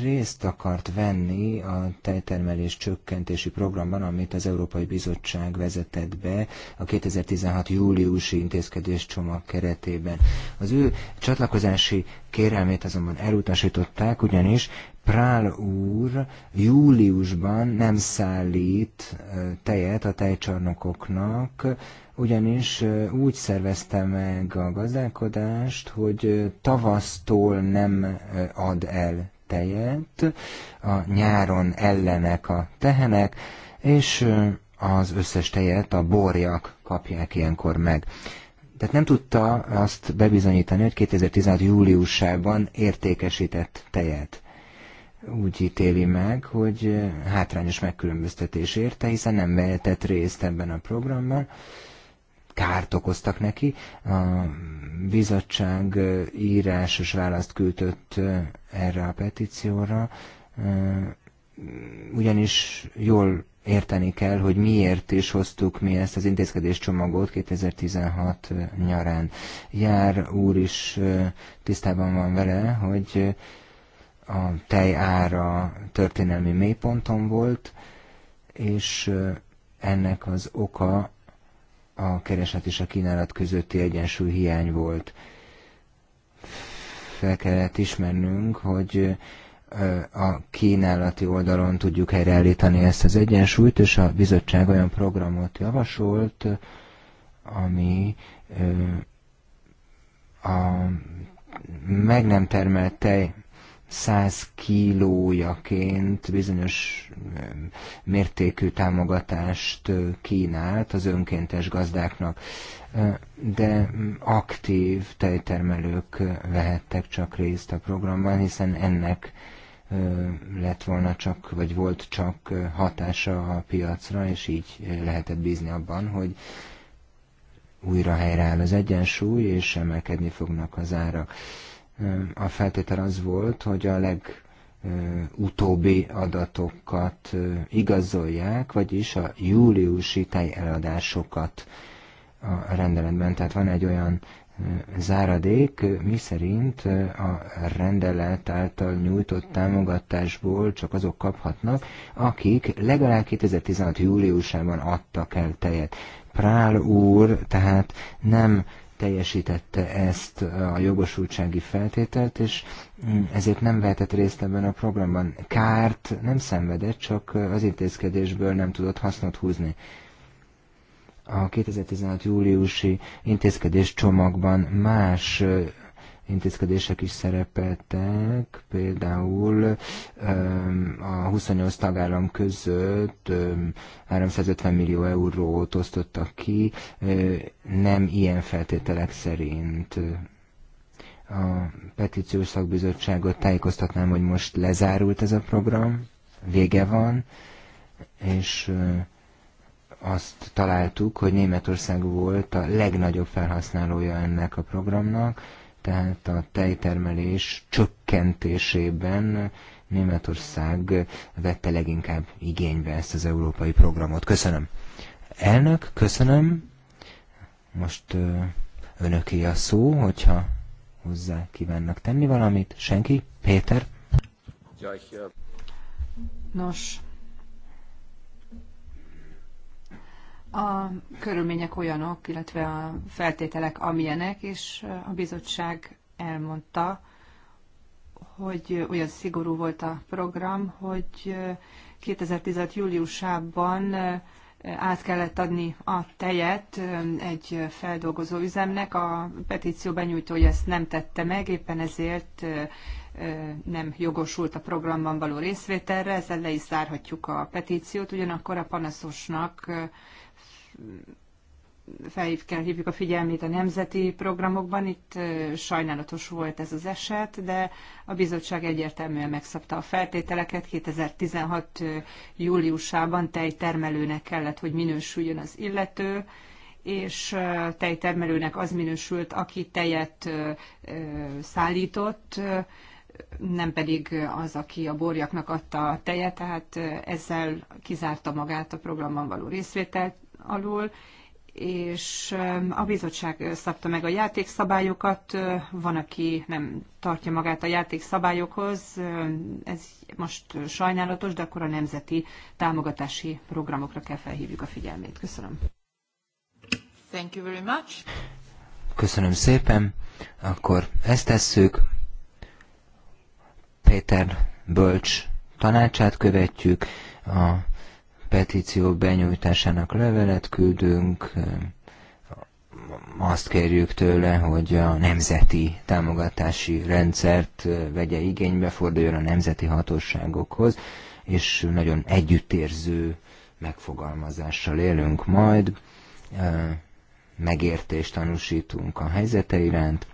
A: részt akart venni a tejtermelés csökkentési programban, amit az Európai Bizottság vezetett be a 2016. júliusi intézkedés csomag keretében. Az ő csatlakozási kérelmét azonban elutasították, ugyanis Prál úr júliusban nem szállít tejet a tejcsarnokoknak, ugyanis úgy szervezte meg a gazdálkodást, hogy tavasztól nem ad el tejet, a nyáron ellenek a tehenek, és az összes tejet a borjak kapják ilyenkor meg. Tehát nem tudta azt bebizonyítani, hogy 2016. júliusában értékesített tejet úgy ítéli meg, hogy hátrányos megkülönböztetés érte, hiszen nem vehetett részt ebben a programban, kárt okoztak neki. A bizottság írásos választ küldött erre a petícióra, ugyanis jól érteni kell, hogy miért is hoztuk mi ezt az intézkedéscsomagot 2016 nyarán. Jár úr is tisztában van vele, hogy a tej ára történelmi mélyponton volt, és ennek az oka a kereslet és a kínálat közötti egyensúly hiány volt. Fel kellett ismernünk, hogy a kínálati oldalon tudjuk helyreállítani ezt az egyensúlyt, és a bizottság olyan programot javasolt, ami a meg nem termelt tej 100 kilójaként bizonyos mértékű támogatást kínált az önkéntes gazdáknak, de aktív tejtermelők vehettek csak részt a programban, hiszen ennek lett volna csak, vagy volt csak hatása a piacra, és így lehetett bízni abban, hogy újra helyreáll az egyensúly, és emelkedni fognak az árak a feltétel az volt, hogy a legutóbbi adatokat igazolják, vagyis a júliusi tejeladásokat a rendeletben. Tehát van egy olyan záradék, mi szerint a rendelet által nyújtott támogatásból csak azok kaphatnak, akik legalább 2016. júliusában adtak el tejet. Prál úr tehát nem teljesítette ezt a jogosultsági feltételt, és mm, ezért nem vehetett részt ebben a programban. Kárt nem szenvedett, csak az intézkedésből nem tudott hasznot húzni. A 2016. júliusi intézkedés csomagban más intézkedések is szerepeltek, például a 28 tagállam között 350 millió eurót osztottak ki, nem ilyen feltételek szerint a petíciós szakbizottságot tájékoztatnám, hogy most lezárult ez a program, vége van, és azt találtuk, hogy Németország volt a legnagyobb felhasználója ennek a programnak, tehát a tejtermelés csökkentésében Németország vette leginkább igénybe ezt az európai programot. Köszönöm. Elnök, köszönöm. Most önöké a szó, hogyha hozzá kívánnak tenni valamit. Senki? Péter? Nos,
D: A körülmények olyanok, illetve a feltételek amilyenek, és a bizottság elmondta, hogy olyan szigorú volt a program, hogy 2015. júliusában át kellett adni a tejet egy feldolgozó üzemnek. A petíció benyújtója ezt nem tette meg, éppen ezért nem jogosult a programban való részvételre, ezzel le is zárhatjuk a petíciót, ugyanakkor a panaszosnak kell hívjuk a figyelmét a nemzeti programokban. Itt sajnálatos volt ez az eset, de a bizottság egyértelműen megszabta a feltételeket. 2016. júliusában tejtermelőnek kellett, hogy minősüljön az illető, és tejtermelőnek az minősült, aki tejet szállított, nem pedig az, aki a borjaknak adta a tejet, tehát ezzel kizárta magát a programban való részvételt alól, és a bizottság szabta meg a játékszabályokat, van, aki nem tartja magát a játékszabályokhoz, ez most sajnálatos, de akkor a nemzeti támogatási programokra kell felhívjuk a figyelmét. Köszönöm. Thank you very much.
A: Köszönöm szépen. Akkor ezt tesszük. Péter Bölcs tanácsát követjük. A petíció benyújtásának levelet küldünk, azt kérjük tőle, hogy a nemzeti támogatási rendszert vegye igénybe, forduljon a nemzeti hatóságokhoz, és nagyon együttérző megfogalmazással élünk majd, megértést tanúsítunk a helyzete iránt.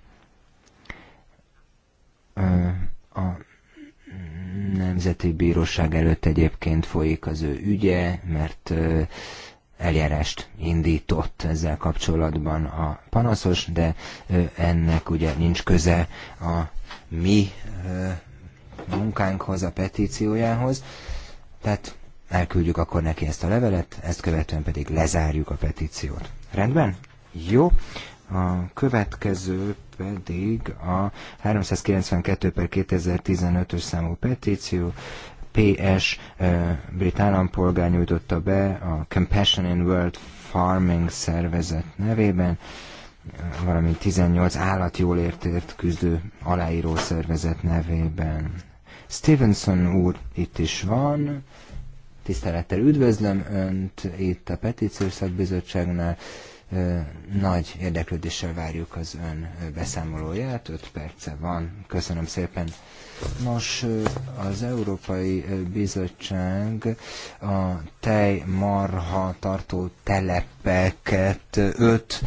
A: A nemzeti bíróság előtt egyébként folyik az ő ügye, mert eljárást indított ezzel kapcsolatban a panaszos, de ennek ugye nincs köze a mi munkánkhoz, a petíciójához. Tehát elküldjük akkor neki ezt a levelet, ezt követően pedig lezárjuk a petíciót. Rendben? Jó. A következő pedig a 392 per 2015-ös számú petíció, PS brit állampolgár nyújtotta be a Compassion in World Farming szervezet nevében, valamint 18 állatjólértért küzdő aláíró szervezet nevében. Stevenson úr itt is van, tisztelettel üdvözlöm Önt itt a Petíciós Szakbizottságnál, nagy érdeklődéssel várjuk az ön beszámolóját, 5 perce van. Köszönöm szépen. Nos, az Európai Bizottság a tej, marha tartó telepeket öt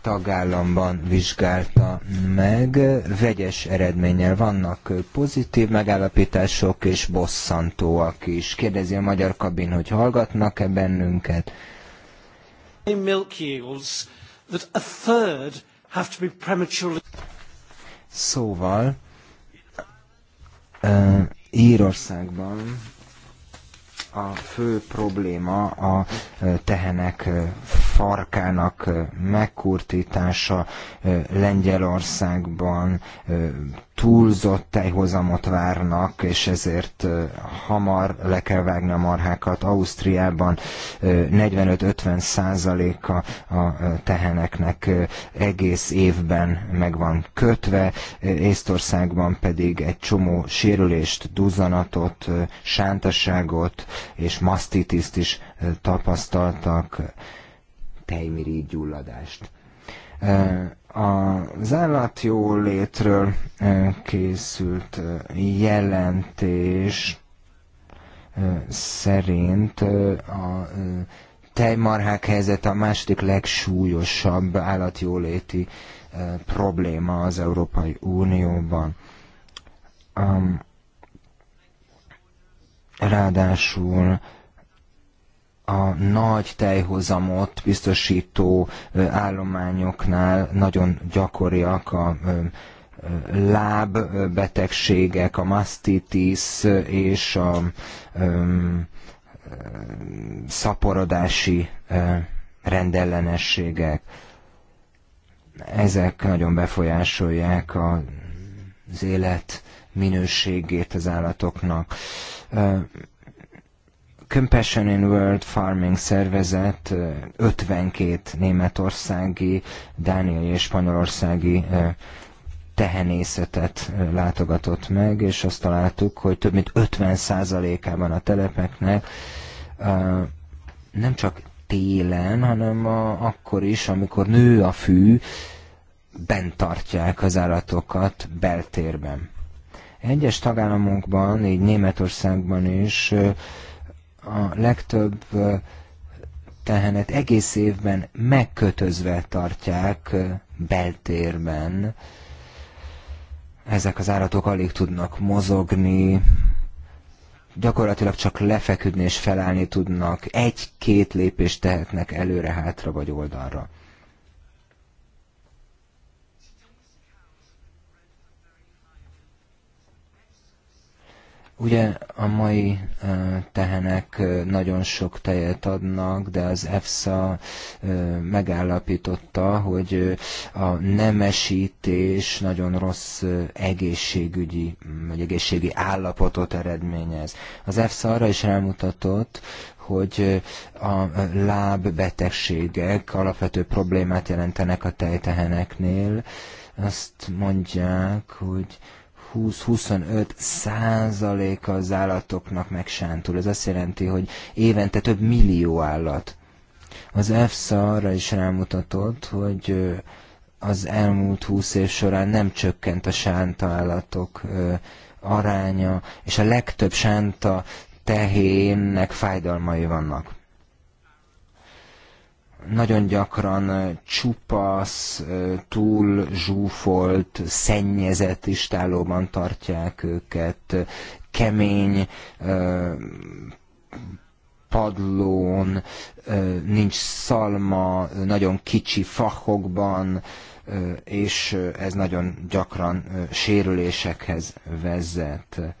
A: tagállamban vizsgálta meg. Vegyes eredménnyel vannak pozitív megállapítások és bosszantóak is. Kérdezi a magyar kabin, hogy hallgatnak-e bennünket
C: milk yields that a third have to be prematurely...
A: Szóval, uh, Írországban a fő probléma a tehenek farkának megkurtítása Lengyelországban túlzott tejhozamot várnak, és ezért hamar le kell vágni a marhákat. Ausztriában 45-50 százaléka a teheneknek egész évben meg van kötve, Észtországban pedig egy csomó sérülést, duzzanatot, sántaságot és masztitiszt is tapasztaltak tejmirigy gyulladást. Eh, az állatjólétről eh, készült eh, jelentés szerint a tejmarhák helyzet a második legsúlyosabb állatjóléti probléma az Európai Unióban. Ráadásul a nagy tejhozamot biztosító állományoknál nagyon gyakoriak a lábbetegségek, a mastitis és a szaporodási rendellenességek. Ezek nagyon befolyásolják az élet minőségét az állatoknak. Compassion in World Farming szervezet 52 németországi, dániai és spanyolországi tehenészetet látogatott meg, és azt találtuk, hogy több mint 50%-ában a telepeknek nem csak télen, hanem a, akkor is, amikor nő a fű, bent tartják az állatokat beltérben. Egyes tagállamokban, így Németországban is a legtöbb tehenet egész évben megkötözve tartják beltérben. Ezek az állatok alig tudnak mozogni, gyakorlatilag csak lefeküdni és felállni tudnak, egy-két lépést tehetnek előre, hátra vagy oldalra. Ugye a mai tehenek nagyon sok tejet adnak, de az EFSA megállapította, hogy a nemesítés nagyon rossz egészségügyi, vagy egészségi állapotot eredményez. Az EFSA arra is elmutatott, hogy a lábbetegségek alapvető problémát jelentenek a tejteheneknél. Azt mondják, hogy 20-25 százaléka az állatoknak megsántul. Ez azt jelenti, hogy évente több millió állat. Az EFSA arra is rámutatott, hogy az elmúlt 20 év során nem csökkent a sánta állatok aránya, és a legtöbb sánta tehénnek fájdalmai vannak nagyon gyakran csupasz, túl zsúfolt, szennyezett istálóban tartják őket, kemény padlón, nincs szalma, nagyon kicsi fahokban, és ez nagyon gyakran sérülésekhez vezet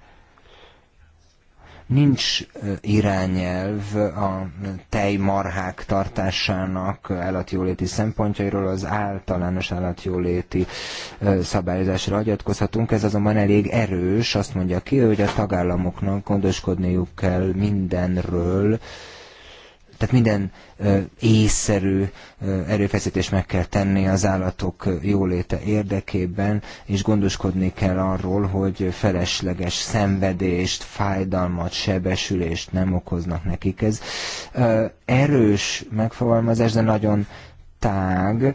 A: Nincs irányelv a tejmarhák tartásának állatjóléti szempontjairól, az általános állatjóléti szabályozásra hagyatkozhatunk. Ez azonban elég erős, azt mondja ki, hogy a tagállamoknak gondoskodniuk kell mindenről, tehát minden észszerű erőfeszítést meg kell tenni az állatok jóléte érdekében, és gondoskodni kell arról, hogy felesleges szenvedést, fájdalmat, sebesülést nem okoznak nekik. Ez erős megfogalmazás, de nagyon tág.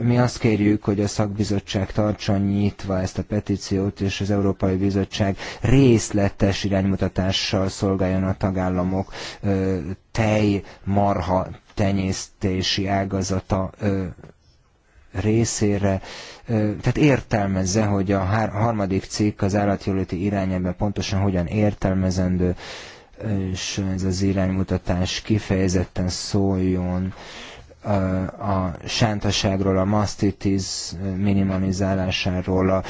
A: Mi azt kérjük, hogy a szakbizottság tartsa nyitva ezt a petíciót, és az Európai Bizottság részletes iránymutatással szolgáljon a tagállamok tej, marha tenyésztési ágazata részére, tehát értelmezze, hogy a harmadik cikk az állatjóléti irányában pontosan hogyan értelmezendő, és ez az iránymutatás kifejezetten szóljon a sántaságról, a mastitis minimalizálásáról, a,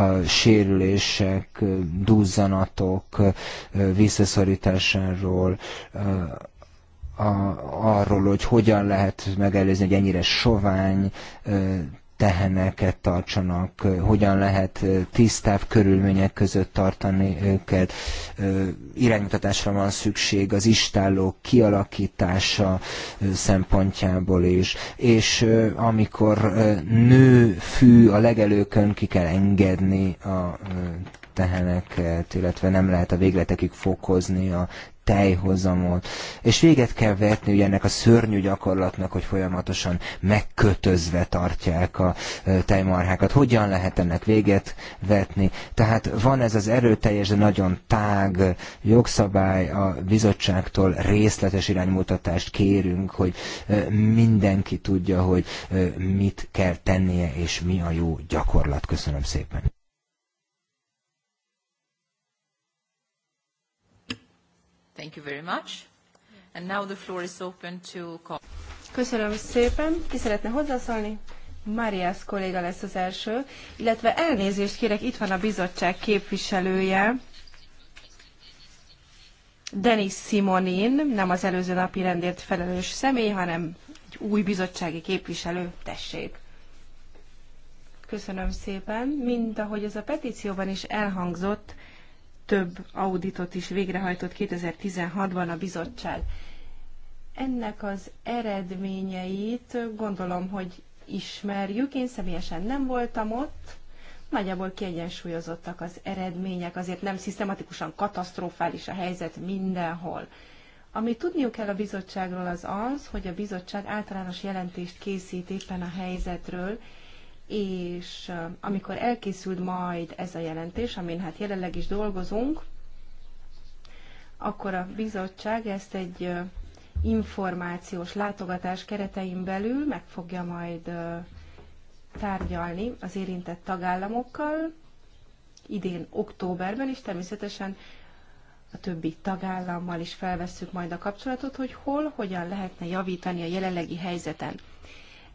A: a sérülések, duzzanatok visszaszorításáról, a, arról, hogy hogyan lehet megelőzni, hogy ennyire sovány teheneket tartsanak, hogyan lehet tisztább körülmények között tartani őket, iránymutatásra van szükség az istállók kialakítása szempontjából is, és amikor nő fű a legelőkön, ki kell engedni a teheneket, illetve nem lehet a végletekig fokozni a tejhozamot. És véget kell vetni ugye ennek a szörnyű gyakorlatnak, hogy folyamatosan megkötözve tartják a tejmarhákat. Hogyan lehet ennek véget vetni? Tehát van ez az erőteljes, de nagyon tág jogszabály a bizottságtól részletes iránymutatást kérünk, hogy mindenki tudja, hogy mit kell tennie, és mi a jó gyakorlat. Köszönöm szépen.
D: Thank you very much. And now the floor is open to...
B: Köszönöm szépen. Ki szeretne hozzászólni? Marias kolléga lesz az első, illetve elnézést kérek, itt van a bizottság képviselője, Denis Simonin, nem az előző napi rendért felelős személy, hanem egy új bizottsági képviselő, tessék. Köszönöm szépen. Mint ahogy ez a petícióban is elhangzott, több auditot is végrehajtott 2016-ban a bizottság. Ennek az eredményeit gondolom, hogy ismerjük. Én személyesen nem voltam ott. Nagyjából kiegyensúlyozottak az eredmények, azért nem szisztematikusan katasztrofális a helyzet mindenhol. Ami tudniuk kell a bizottságról az az, hogy a bizottság általános jelentést készít éppen a helyzetről, és amikor elkészült majd ez a jelentés, amin hát jelenleg is dolgozunk, akkor a bizottság ezt egy információs látogatás keretein belül meg fogja majd tárgyalni az érintett tagállamokkal idén októberben, és természetesen a többi tagállammal is felvesszük majd a kapcsolatot, hogy hol, hogyan lehetne javítani a jelenlegi helyzeten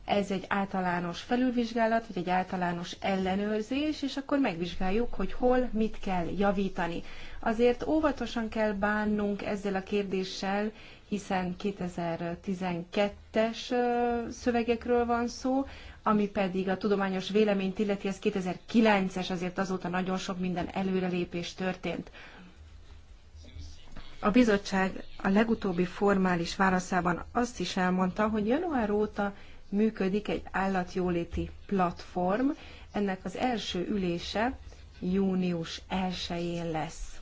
B: ez egy általános felülvizsgálat, vagy egy általános ellenőrzés, és akkor megvizsgáljuk, hogy hol mit kell javítani. Azért óvatosan kell bánnunk ezzel a kérdéssel, hiszen 2012-es szövegekről van szó, ami pedig a tudományos véleményt illeti, ez 2009-es, azért azóta nagyon sok minden előrelépés történt. A bizottság a legutóbbi formális válaszában azt is elmondta, hogy január óta működik egy állatjóléti platform. Ennek az első ülése június 1-én lesz.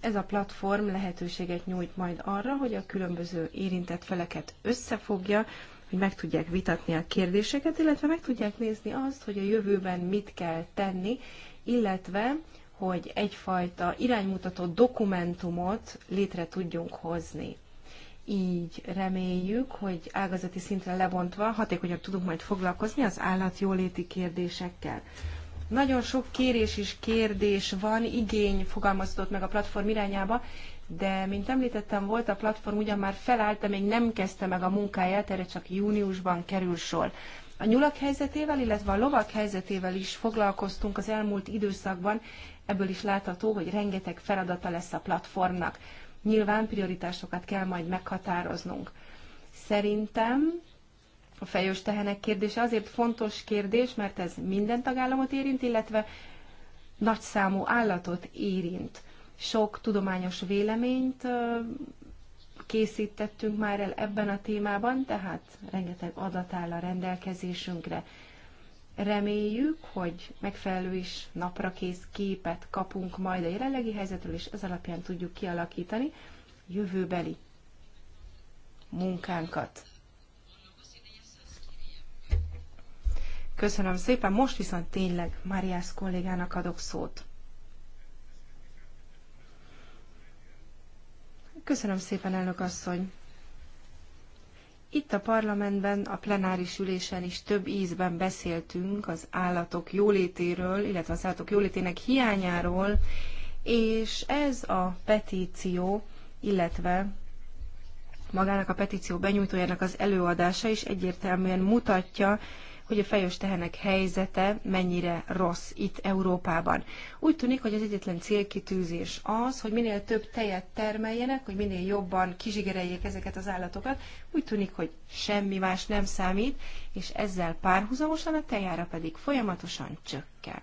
B: Ez a platform lehetőséget nyújt majd arra, hogy a különböző érintett feleket összefogja, hogy meg tudják vitatni a kérdéseket, illetve meg tudják nézni azt, hogy a jövőben mit kell tenni, illetve hogy egyfajta iránymutató dokumentumot létre tudjunk hozni így reméljük, hogy ágazati szintre lebontva hatékonyan tudunk majd foglalkozni az állatjóléti kérdésekkel. Nagyon sok kérés és kérdés van, igény fogalmazódott meg a platform irányába, de mint említettem, volt a platform ugyan már felállt, de még nem kezdte meg a munkáját, erre csak júniusban kerül sor. A nyulak helyzetével, illetve a lovak helyzetével is foglalkoztunk az elmúlt időszakban, ebből is látható, hogy rengeteg feladata lesz a platformnak Nyilván prioritásokat kell majd meghatároznunk. Szerintem a fejős tehenek kérdése azért fontos kérdés, mert ez minden tagállamot érint, illetve nagyszámú állatot érint. Sok tudományos véleményt készítettünk már el ebben a témában, tehát rengeteg adat áll a rendelkezésünkre. Reméljük, hogy megfelelő is naprakész képet kapunk majd a jelenlegi helyzetről, és ez alapján tudjuk kialakítani jövőbeli munkánkat. Köszönöm szépen, most viszont tényleg Máriász kollégának adok szót. Köszönöm szépen, elnök asszony. Itt a parlamentben, a plenáris ülésen is több ízben beszéltünk az állatok jólétéről, illetve az állatok jólétének hiányáról, és ez a petíció, illetve magának a petíció benyújtójának az előadása is egyértelműen mutatja, hogy a fejős tehenek helyzete mennyire rossz itt Európában. Úgy tűnik, hogy az egyetlen célkitűzés az, hogy minél több tejet termeljenek, hogy minél jobban kizsigereljék ezeket az állatokat. Úgy tűnik, hogy semmi más nem számít, és ezzel párhuzamosan a tejára pedig folyamatosan csökken.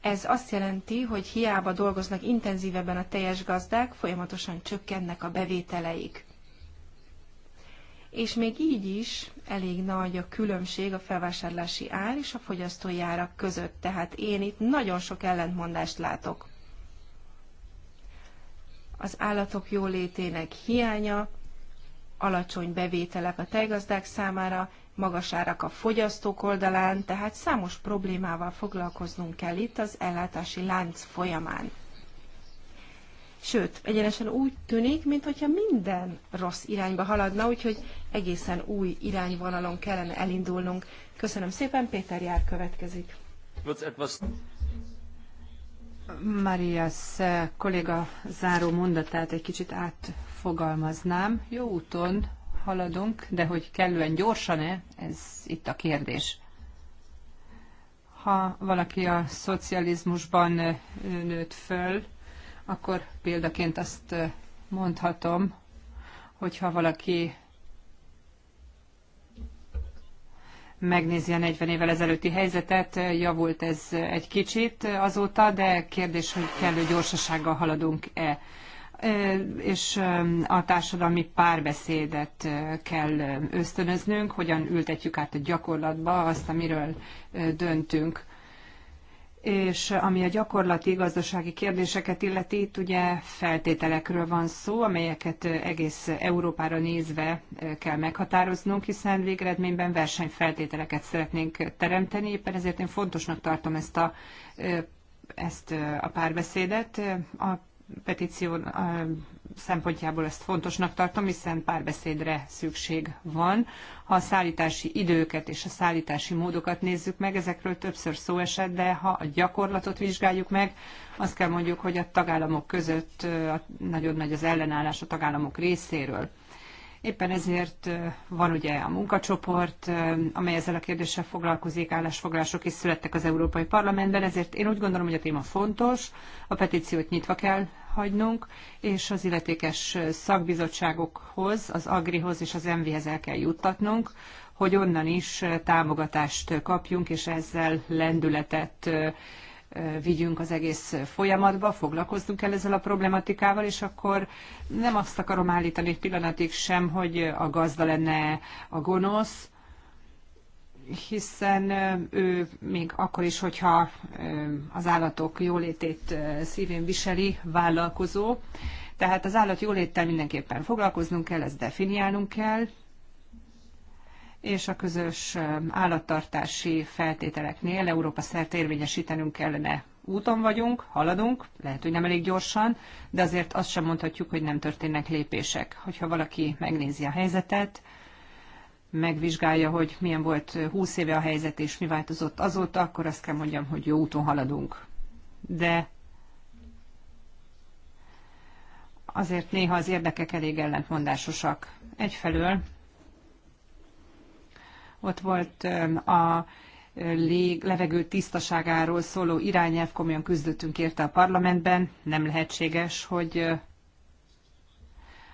B: Ez azt jelenti, hogy hiába dolgoznak intenzívebben a teljes gazdák, folyamatosan csökkennek a bevételeik. És még így is elég nagy a különbség a felvásárlási ár és a fogyasztói árak között, tehát én itt nagyon sok ellentmondást látok. Az állatok jólétének hiánya, alacsony bevételek a tejgazdák számára, magas árak a fogyasztók oldalán, tehát számos problémával foglalkoznunk kell itt az ellátási lánc folyamán. Sőt, egyenesen úgy tűnik, mintha minden rossz irányba haladna, úgyhogy egészen új irányvonalon kellene elindulnunk. Köszönöm szépen, Péter Jár következik.
D: Marias kolléga záró mondatát egy kicsit átfogalmaznám. Jó úton haladunk, de hogy kellően gyorsan-e, ez itt a kérdés. Ha valaki a szocializmusban nőtt föl, akkor példaként azt mondhatom, hogyha valaki megnézi a 40 évvel ezelőtti helyzetet, javult ez egy kicsit azóta, de kérdés, hogy kellő gyorsasággal haladunk-e és a társadalmi párbeszédet kell ösztönöznünk, hogyan ültetjük át a gyakorlatba azt, amiről döntünk és ami a gyakorlati gazdasági kérdéseket illeti, itt ugye feltételekről van szó, amelyeket egész Európára nézve e, kell meghatároznunk, hiszen végeredményben versenyfeltételeket szeretnénk teremteni, éppen ezért én fontosnak tartom ezt a e, ezt e, a párbeszédet. A petíció szempontjából ezt fontosnak tartom, hiszen párbeszédre szükség van. Ha a szállítási időket és a szállítási módokat nézzük meg, ezekről többször szó esett, de ha a gyakorlatot vizsgáljuk meg, azt kell mondjuk, hogy a tagállamok között nagyon nagy az ellenállás a tagállamok részéről. Éppen ezért van ugye a munkacsoport, amely ezzel a kérdéssel foglalkozik, állásfoglalások is születtek az Európai Parlamentben, ezért én úgy gondolom, hogy a téma fontos, a petíciót nyitva kell hagynunk, és az illetékes szakbizottságokhoz, az Agrihoz és az MV-hez el kell juttatnunk, hogy onnan is támogatást kapjunk, és ezzel lendületet vigyünk az egész folyamatba, foglalkozzunk el ezzel a problematikával, és akkor nem azt akarom állítani egy pillanatig sem, hogy a gazda lenne a gonosz, hiszen ő még akkor is, hogyha az állatok jólétét szívén viseli, vállalkozó. Tehát az állat jóléttel mindenképpen foglalkoznunk kell, ezt definiálnunk kell, és a közös um, állattartási feltételeknél Európa szerte érvényesítenünk kellene. Úton vagyunk, haladunk, lehet, hogy nem elég gyorsan, de azért azt sem mondhatjuk, hogy nem történnek lépések. Hogyha valaki megnézi a helyzetet, megvizsgálja, hogy milyen volt 20 éve a helyzet és mi változott azóta, akkor azt kell mondjam, hogy jó úton haladunk. De azért néha az érdekek elég ellentmondásosak. Egyfelől ott volt a lég, levegő tisztaságáról szóló irányelv, komolyan küzdöttünk érte a parlamentben. Nem lehetséges, hogy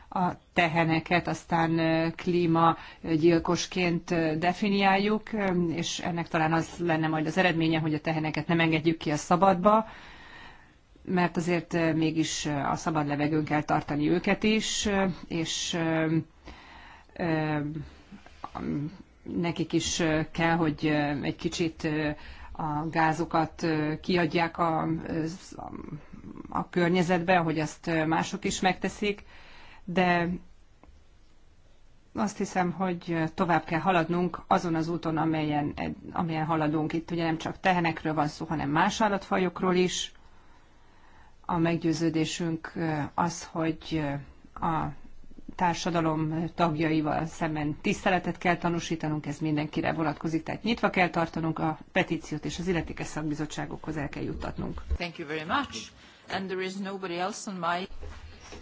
D: a teheneket aztán klímagyilkosként definiáljuk, és ennek talán az lenne majd az eredménye, hogy a teheneket nem engedjük ki a szabadba, mert azért mégis a szabad levegőn kell tartani őket is, és nekik is kell, hogy egy kicsit a gázokat kiadják a, a környezetbe, hogy azt mások is megteszik, de azt hiszem, hogy tovább kell haladnunk azon az úton, amelyen, e, amelyen haladunk. Itt ugye nem csak tehenekről van szó, hanem más állatfajokról is. A meggyőződésünk az, hogy a társadalom tagjaival szemben tiszteletet kell tanúsítanunk, ez mindenkire vonatkozik, tehát nyitva kell tartanunk a petíciót, és az illetékes szakbizottságokhoz el kell juttatnunk.
B: Thank you very much. And there is nobody else on my...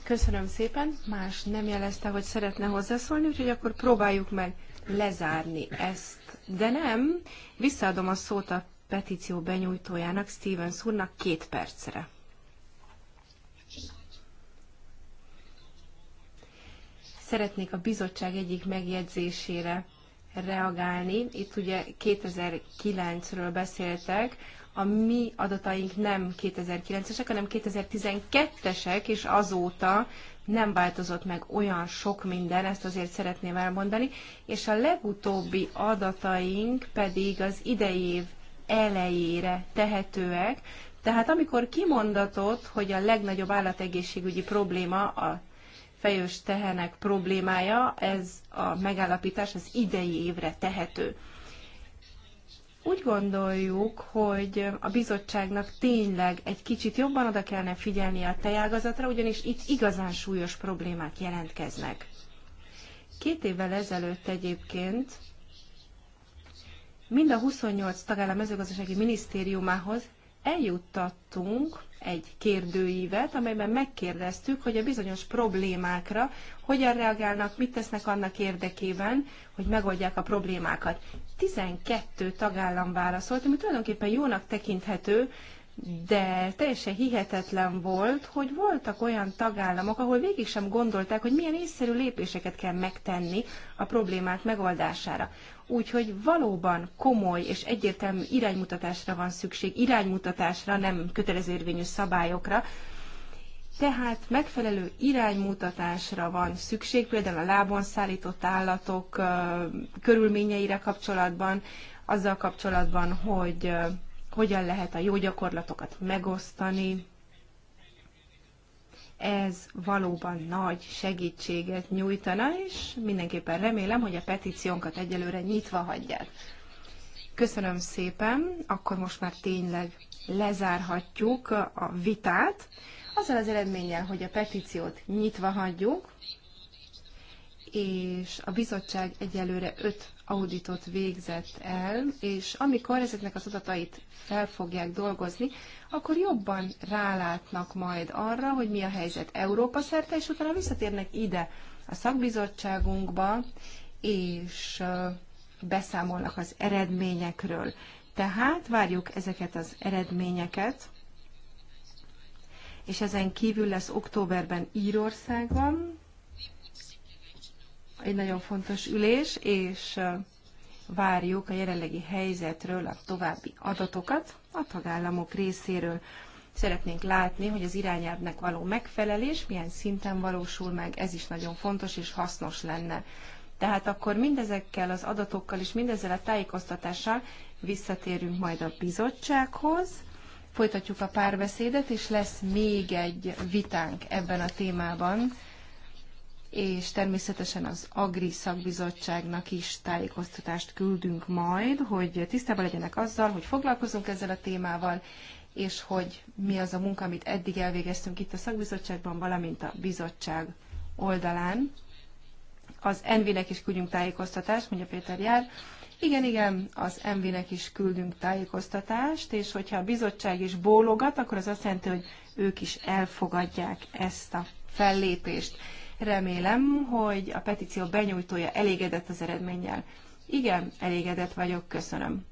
B: Köszönöm szépen. Más nem jelezte, hogy szeretne hozzászólni, úgyhogy akkor próbáljuk meg lezárni ezt. De nem, visszaadom a szót a petíció benyújtójának, Steven úrnak két percre. Szeretnék a bizottság egyik megjegyzésére reagálni. Itt ugye 2009-ről beszéltek, a mi adataink nem 2009-esek, hanem 2012-esek, és azóta nem változott meg olyan sok minden, ezt azért szeretném elmondani, és a legutóbbi adataink pedig az idei év elejére tehetőek, tehát amikor kimondatott, hogy a legnagyobb állategészségügyi probléma a fejős tehenek problémája, ez a megállapítás az idei évre tehető. Úgy gondoljuk, hogy a bizottságnak tényleg egy kicsit jobban oda kellene figyelni a tejágazatra, ugyanis itt igazán súlyos problémák jelentkeznek. Két évvel ezelőtt egyébként mind a 28 tagállam mezőgazdasági minisztériumához eljuttattunk egy kérdőívet, amelyben megkérdeztük, hogy a bizonyos problémákra hogyan reagálnak, mit tesznek annak érdekében, hogy megoldják a problémákat. 12 tagállam válaszolt, ami tulajdonképpen jónak tekinthető, de teljesen hihetetlen volt, hogy voltak olyan tagállamok, ahol végig sem gondolták, hogy milyen észszerű lépéseket kell megtenni a problémák megoldására. Úgyhogy valóban komoly és egyértelmű iránymutatásra van szükség, iránymutatásra, nem kötelező érvényű szabályokra, tehát megfelelő iránymutatásra van szükség, például a lábon szállított állatok körülményeire kapcsolatban, azzal kapcsolatban, hogy hogyan lehet a jó gyakorlatokat megosztani. Ez valóban nagy segítséget nyújtana, és mindenképpen remélem, hogy a petíciónkat egyelőre nyitva hagyják. Köszönöm szépen, akkor most már tényleg lezárhatjuk a vitát, azzal az eredménnyel, hogy a petíciót nyitva hagyjuk, és a bizottság egyelőre öt auditot végzett el, és amikor ezeknek az adatait fel fogják dolgozni, akkor jobban rálátnak majd arra, hogy mi a helyzet Európa szerte, és utána visszatérnek ide a szakbizottságunkba, és beszámolnak az eredményekről. Tehát várjuk ezeket az eredményeket, és ezen kívül lesz októberben Írországban egy nagyon fontos ülés, és várjuk a jelenlegi helyzetről a további adatokat a tagállamok részéről. Szeretnénk látni, hogy az irányelvnek való megfelelés milyen szinten valósul meg, ez is nagyon fontos és hasznos lenne. Tehát akkor mindezekkel az adatokkal és mindezzel a tájékoztatással visszatérünk majd a bizottsághoz, folytatjuk a párbeszédet, és lesz még egy vitánk ebben a témában és természetesen az Agri szakbizottságnak is tájékoztatást küldünk majd, hogy tisztában legyenek azzal, hogy foglalkozunk ezzel a témával, és hogy mi az a munka, amit eddig elvégeztünk itt a szakbizottságban, valamint a bizottság oldalán. Az Envinek is küldünk tájékoztatást, mondja Péter Jár. Igen, igen, az Envinek is küldünk tájékoztatást, és hogyha a bizottság is bólogat, akkor az azt jelenti, hogy ők is elfogadják ezt a fellépést. Remélem, hogy a petíció benyújtója elégedett az eredménnyel. Igen, elégedett vagyok, köszönöm.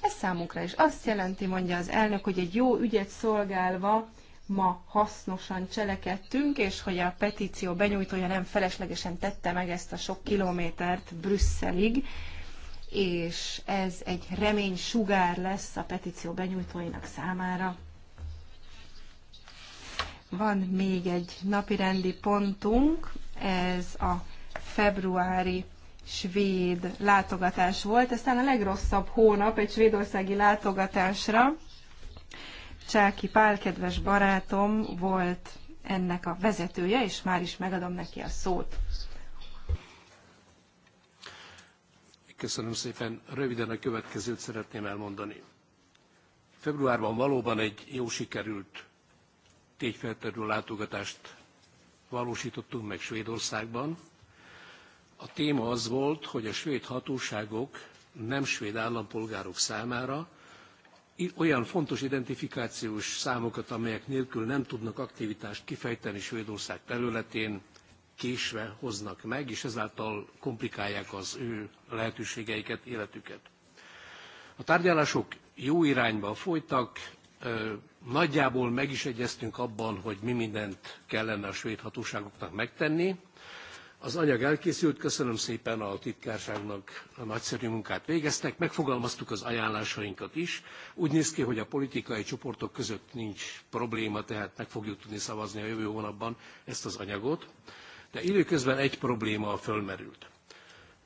B: Ez számunkra is azt jelenti, mondja az elnök, hogy egy jó ügyet szolgálva ma hasznosan cselekedtünk, és hogy a petíció benyújtója nem feleslegesen tette meg ezt a sok kilométert Brüsszelig, és ez egy remény sugár lesz a petíció benyújtóinak számára. Van még egy napirendi pontunk, ez a februári svéd látogatás volt, aztán a legrosszabb hónap egy svédországi látogatásra. Csáki Pál, kedves barátom, volt ennek a vezetője, és már is megadom neki a szót.
C: Köszönöm szépen. Röviden a következőt szeretném elmondani. Februárban valóban egy jó sikerült tényfeltáró látogatást valósítottunk meg Svédországban. A téma az volt, hogy a svéd hatóságok nem svéd állampolgárok számára olyan fontos identifikációs számokat, amelyek nélkül nem tudnak aktivitást kifejteni Svédország területén, késve hoznak meg, és ezáltal komplikálják az ő lehetőségeiket, életüket. A tárgyalások jó irányba folytak, Nagyjából meg is egyeztünk abban, hogy mi mindent kellene a svéd hatóságoknak megtenni. Az anyag elkészült, köszönöm szépen a titkárságnak a nagyszerű munkát végeztek, megfogalmaztuk az ajánlásainkat is. Úgy néz ki, hogy a politikai csoportok között nincs probléma, tehát meg fogjuk tudni szavazni a jövő hónapban ezt az anyagot. De időközben egy probléma fölmerült.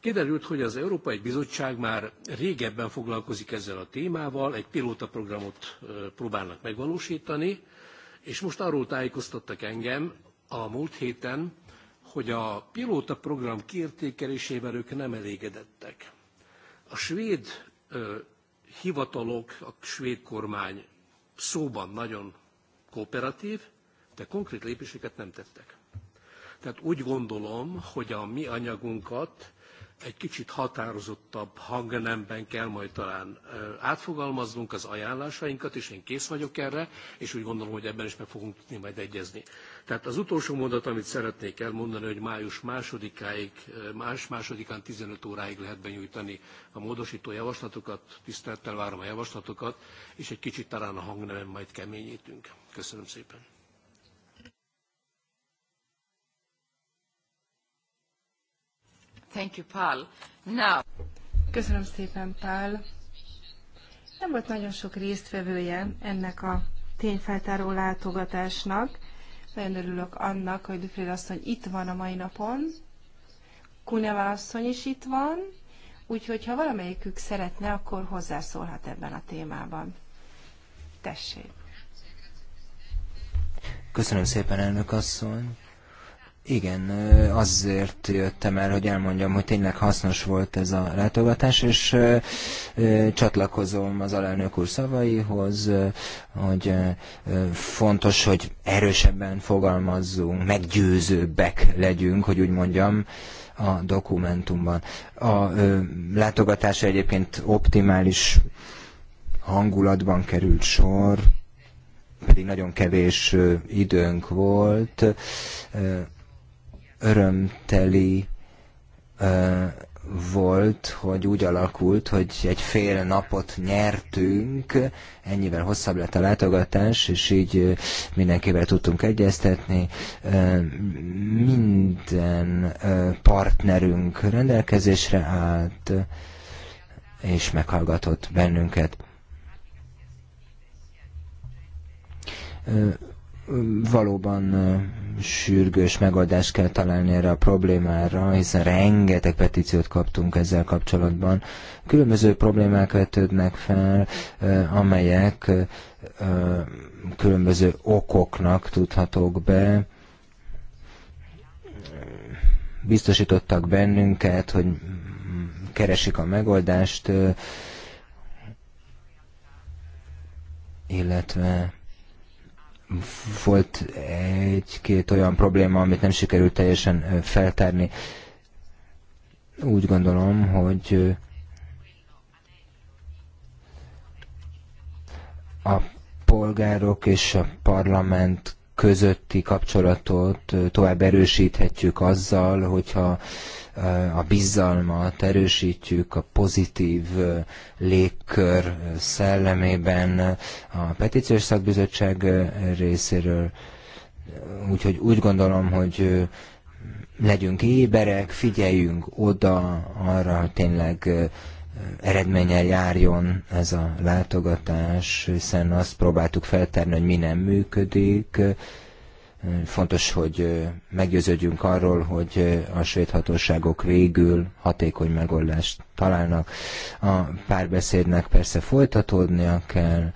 C: Kiderült, hogy az Európai Bizottság már régebben foglalkozik ezzel a témával, egy pilótaprogramot próbálnak megvalósítani, és most arról tájékoztattak engem a múlt héten, hogy a pilótaprogram kiértékelésével ők nem elégedettek. A svéd hivatalok, a svéd kormány szóban nagyon kooperatív, de konkrét lépéseket nem tettek. Tehát úgy gondolom, hogy a mi anyagunkat egy kicsit határozottabb hangnemben kell majd talán átfogalmaznunk az ajánlásainkat, és én kész vagyok erre, és úgy gondolom, hogy ebben is meg fogunk tudni majd egyezni. Tehát az utolsó mondat, amit szeretnék elmondani, hogy május másodikáig, más másodikán 15 óráig lehet benyújtani a módosító javaslatokat, tisztelettel várom a javaslatokat, és egy kicsit talán a hangnemen majd keményítünk. Köszönöm szépen.
D: Thank you, Paul.
B: Now. Köszönöm szépen, Pál. Nem volt nagyon sok résztvevője ennek a tényfeltáró látogatásnak. Nagyon örülök annak, hogy Dufrid asszony itt van a mai napon. Kuneva asszony is itt van, úgyhogy ha valamelyikük szeretne, akkor hozzászólhat ebben a témában. Tessék!
A: Köszönöm szépen, elnök asszony! Igen, azért jöttem el, hogy elmondjam, hogy tényleg hasznos volt ez a látogatás, és csatlakozom az alelnök úr szavaihoz, hogy fontos, hogy erősebben fogalmazzunk, meggyőzőbbek legyünk, hogy úgy mondjam, a dokumentumban. A látogatása egyébként optimális hangulatban került sor, pedig nagyon kevés időnk volt örömteli volt, hogy úgy alakult, hogy egy fél napot nyertünk, ennyivel hosszabb lett a látogatás, és így mindenkivel tudtunk egyeztetni. Minden partnerünk rendelkezésre állt, és meghallgatott bennünket valóban sürgős megoldást kell találni erre a problémára, hiszen rengeteg petíciót kaptunk ezzel kapcsolatban. Különböző problémák vetődnek fel, amelyek különböző okoknak tudhatók be. Biztosítottak bennünket, hogy keresik a megoldást, illetve volt egy-két olyan probléma, amit nem sikerült teljesen feltárni. Úgy gondolom, hogy a polgárok és a parlament közötti kapcsolatot tovább erősíthetjük azzal, hogyha a bizalmat erősítjük a pozitív légkör szellemében a petíciós szakbizottság részéről. Úgyhogy úgy gondolom, hogy legyünk éberek, figyeljünk oda arra, hogy tényleg eredménnyel járjon ez a látogatás, hiszen azt próbáltuk feltárni, hogy mi nem működik, Fontos, hogy meggyőződjünk arról, hogy a svéd hatóságok végül hatékony megoldást találnak. A párbeszédnek persze folytatódnia kell,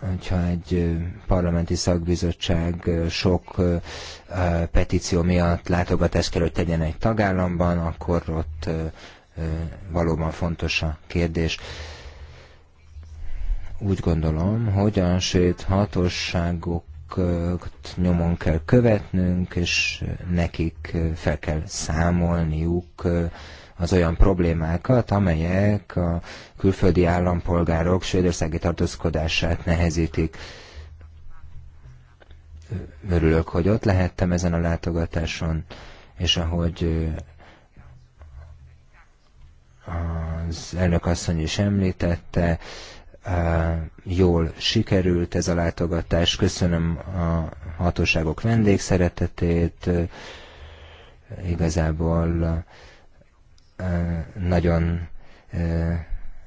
A: hogyha egy parlamenti szakbizottság sok petíció miatt látogatást kell, hogy tegyen egy tagállamban, akkor ott valóban fontos a kérdés úgy gondolom, hogy a sét hatosságokat nyomon kell követnünk, és nekik fel kell számolniuk az olyan problémákat, amelyek a külföldi állampolgárok svédországi tartózkodását nehezítik. Örülök, hogy ott lehettem ezen a látogatáson, és ahogy az elnök asszony is említette, jól sikerült ez a látogatás. Köszönöm a hatóságok vendégszeretetét. Igazából nagyon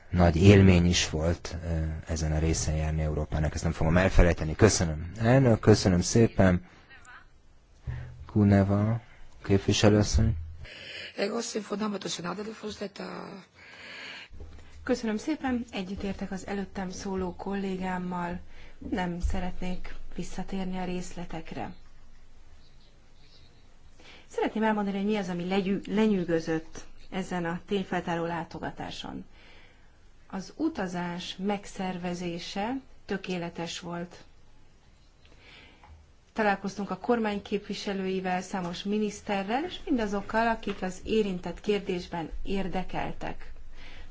A: nagy élmény is volt ezen a részen járni Európának. Ezt nem fogom elfelejteni. Köszönöm. Elnök, köszönöm szépen. Kuneva képviselőasszony.
B: Εγώ συμφωνώ με a συνάδελφο, δεν τα Köszönöm szépen, egyetértek az előttem szóló kollégámmal, nem szeretnék visszatérni a részletekre. Szeretném elmondani, hogy mi az, ami legyű, lenyűgözött ezen a tényfeltáró látogatáson. Az utazás megszervezése tökéletes volt. Találkoztunk a kormány képviselőivel, számos miniszterrel, és mindazokkal, akik az érintett kérdésben érdekeltek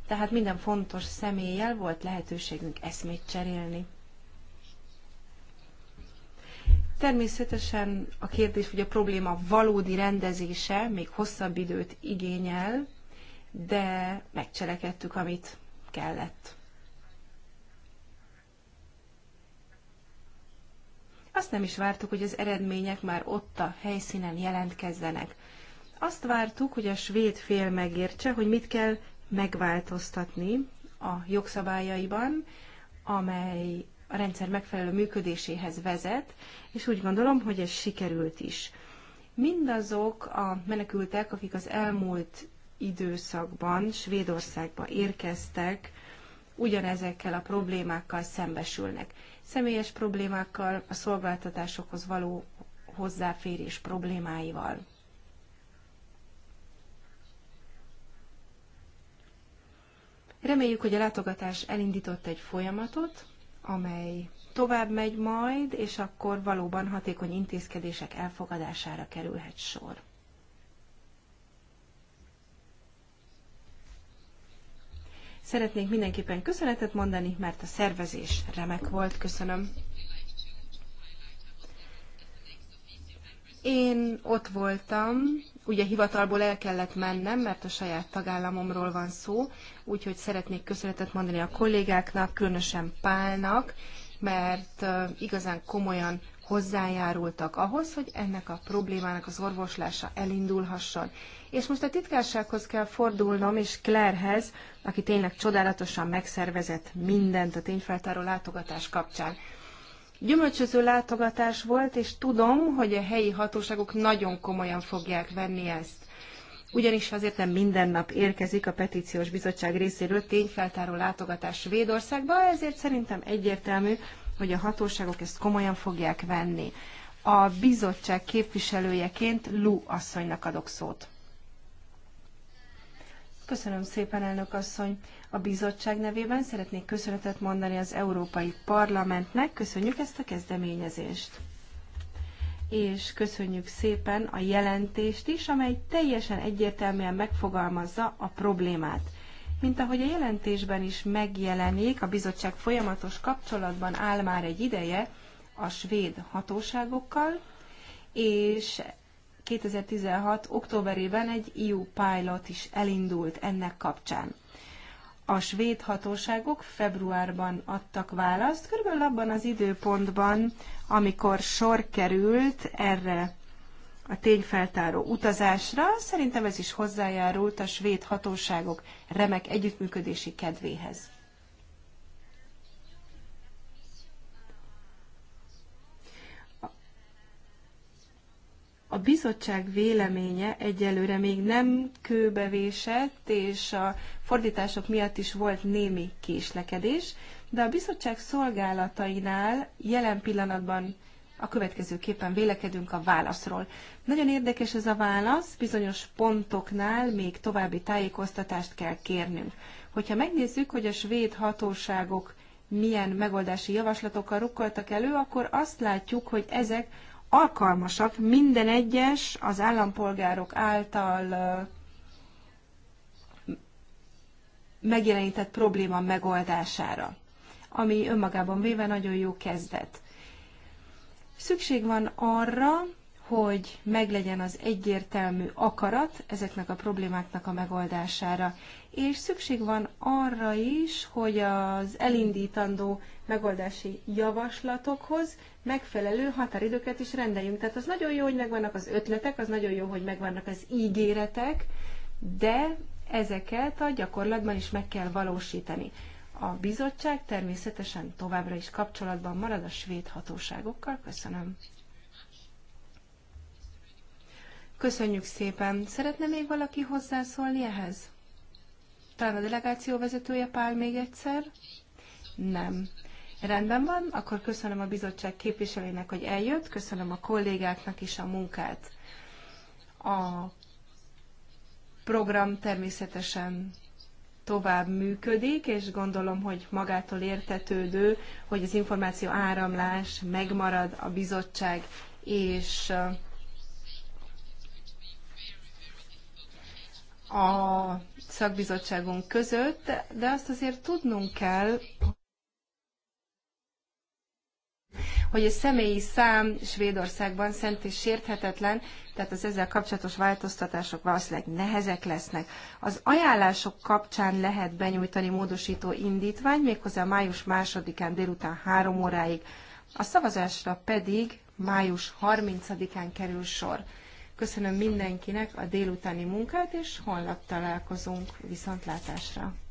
B: tehát minden fontos személlyel volt lehetőségünk eszmét cserélni. Természetesen a kérdés, hogy a probléma valódi rendezése még hosszabb időt igényel, de megcselekedtük, amit kellett. Azt nem is vártuk, hogy az eredmények már ott a helyszínen jelentkezzenek. Azt vártuk, hogy a svéd fél megértse, hogy mit kell megváltoztatni a jogszabályaiban, amely a rendszer megfelelő működéséhez vezet, és úgy gondolom, hogy ez sikerült is. Mindazok a menekültek, akik az elmúlt időszakban Svédországba érkeztek, ugyanezekkel a problémákkal szembesülnek. Személyes problémákkal, a szolgáltatásokhoz való hozzáférés problémáival. Reméljük, hogy a látogatás elindított egy folyamatot, amely tovább megy majd, és akkor valóban hatékony intézkedések elfogadására kerülhet sor. Szeretnék mindenképpen köszönetet mondani, mert a szervezés remek volt. Köszönöm. Én ott voltam Ugye hivatalból el kellett mennem, mert a saját tagállamomról van szó, úgyhogy szeretnék köszönetet mondani a kollégáknak, különösen Pálnak, mert igazán komolyan hozzájárultak ahhoz, hogy ennek a problémának az orvoslása elindulhasson. És most a titkársághoz kell fordulnom, és Clairehez, aki tényleg csodálatosan megszervezett mindent a tényfeltáró látogatás kapcsán. Gyümölcsöző látogatás volt, és tudom, hogy a helyi hatóságok nagyon komolyan fogják venni ezt ugyanis azért nem minden nap érkezik a petíciós bizottság részéről tényfeltáró látogatás Svédországba, ezért szerintem egyértelmű, hogy a hatóságok ezt komolyan fogják venni. A bizottság képviselőjeként Lu asszonynak adok szót. Köszönöm szépen, elnök asszony. A bizottság nevében szeretnék köszönetet mondani az Európai Parlamentnek. Köszönjük ezt a kezdeményezést. És köszönjük szépen a jelentést is, amely teljesen egyértelműen megfogalmazza a problémát. Mint ahogy a jelentésben is megjelenik, a bizottság folyamatos kapcsolatban áll már egy ideje a svéd hatóságokkal, és 2016. októberében egy EU pilot is elindult ennek kapcsán. A svéd hatóságok februárban adtak választ, körülbelül abban az időpontban, amikor sor került erre a tényfeltáró utazásra. Szerintem ez is hozzájárult a svéd hatóságok remek együttműködési kedvéhez. a bizottság véleménye egyelőre még nem kőbevésett, és a fordítások miatt is volt némi késlekedés, de a bizottság szolgálatainál jelen pillanatban a következőképpen vélekedünk a válaszról. Nagyon érdekes ez a válasz, bizonyos pontoknál még további tájékoztatást kell kérnünk. Hogyha megnézzük, hogy a svéd hatóságok milyen megoldási javaslatokkal rukkoltak elő, akkor azt látjuk, hogy ezek alkalmasak minden egyes az állampolgárok által megjelenített probléma megoldására, ami önmagában véve nagyon jó kezdet. Szükség van arra, hogy meglegyen az egyértelmű akarat ezeknek a problémáknak a megoldására. És szükség van arra is, hogy az elindítandó megoldási javaslatokhoz megfelelő határidőket is rendeljünk. Tehát az nagyon jó, hogy megvannak az ötletek, az nagyon jó, hogy megvannak az ígéretek, de ezeket a gyakorlatban is meg kell valósítani. A bizottság természetesen továbbra is kapcsolatban marad a svéd hatóságokkal. Köszönöm. Köszönjük szépen. Szeretne még valaki hozzászólni ehhez? Talán a delegáció vezetője Pál még egyszer? Nem. Rendben van, akkor köszönöm a bizottság képviselőnek, hogy eljött, köszönöm a kollégáknak is a munkát. A program természetesen tovább működik, és gondolom, hogy magától értetődő, hogy az információ áramlás megmarad a bizottság és uh, a szakbizottságunk között, de azt azért tudnunk kell, hogy a személyi szám Svédországban szent és sérthetetlen, tehát az ezzel kapcsolatos változtatások valószínűleg nehezek lesznek. Az ajánlások kapcsán lehet benyújtani módosító indítvány, méghozzá május másodikán délután három óráig. A szavazásra pedig május 30-án kerül sor. Köszönöm mindenkinek a délutáni munkát, és holnap találkozunk viszontlátásra.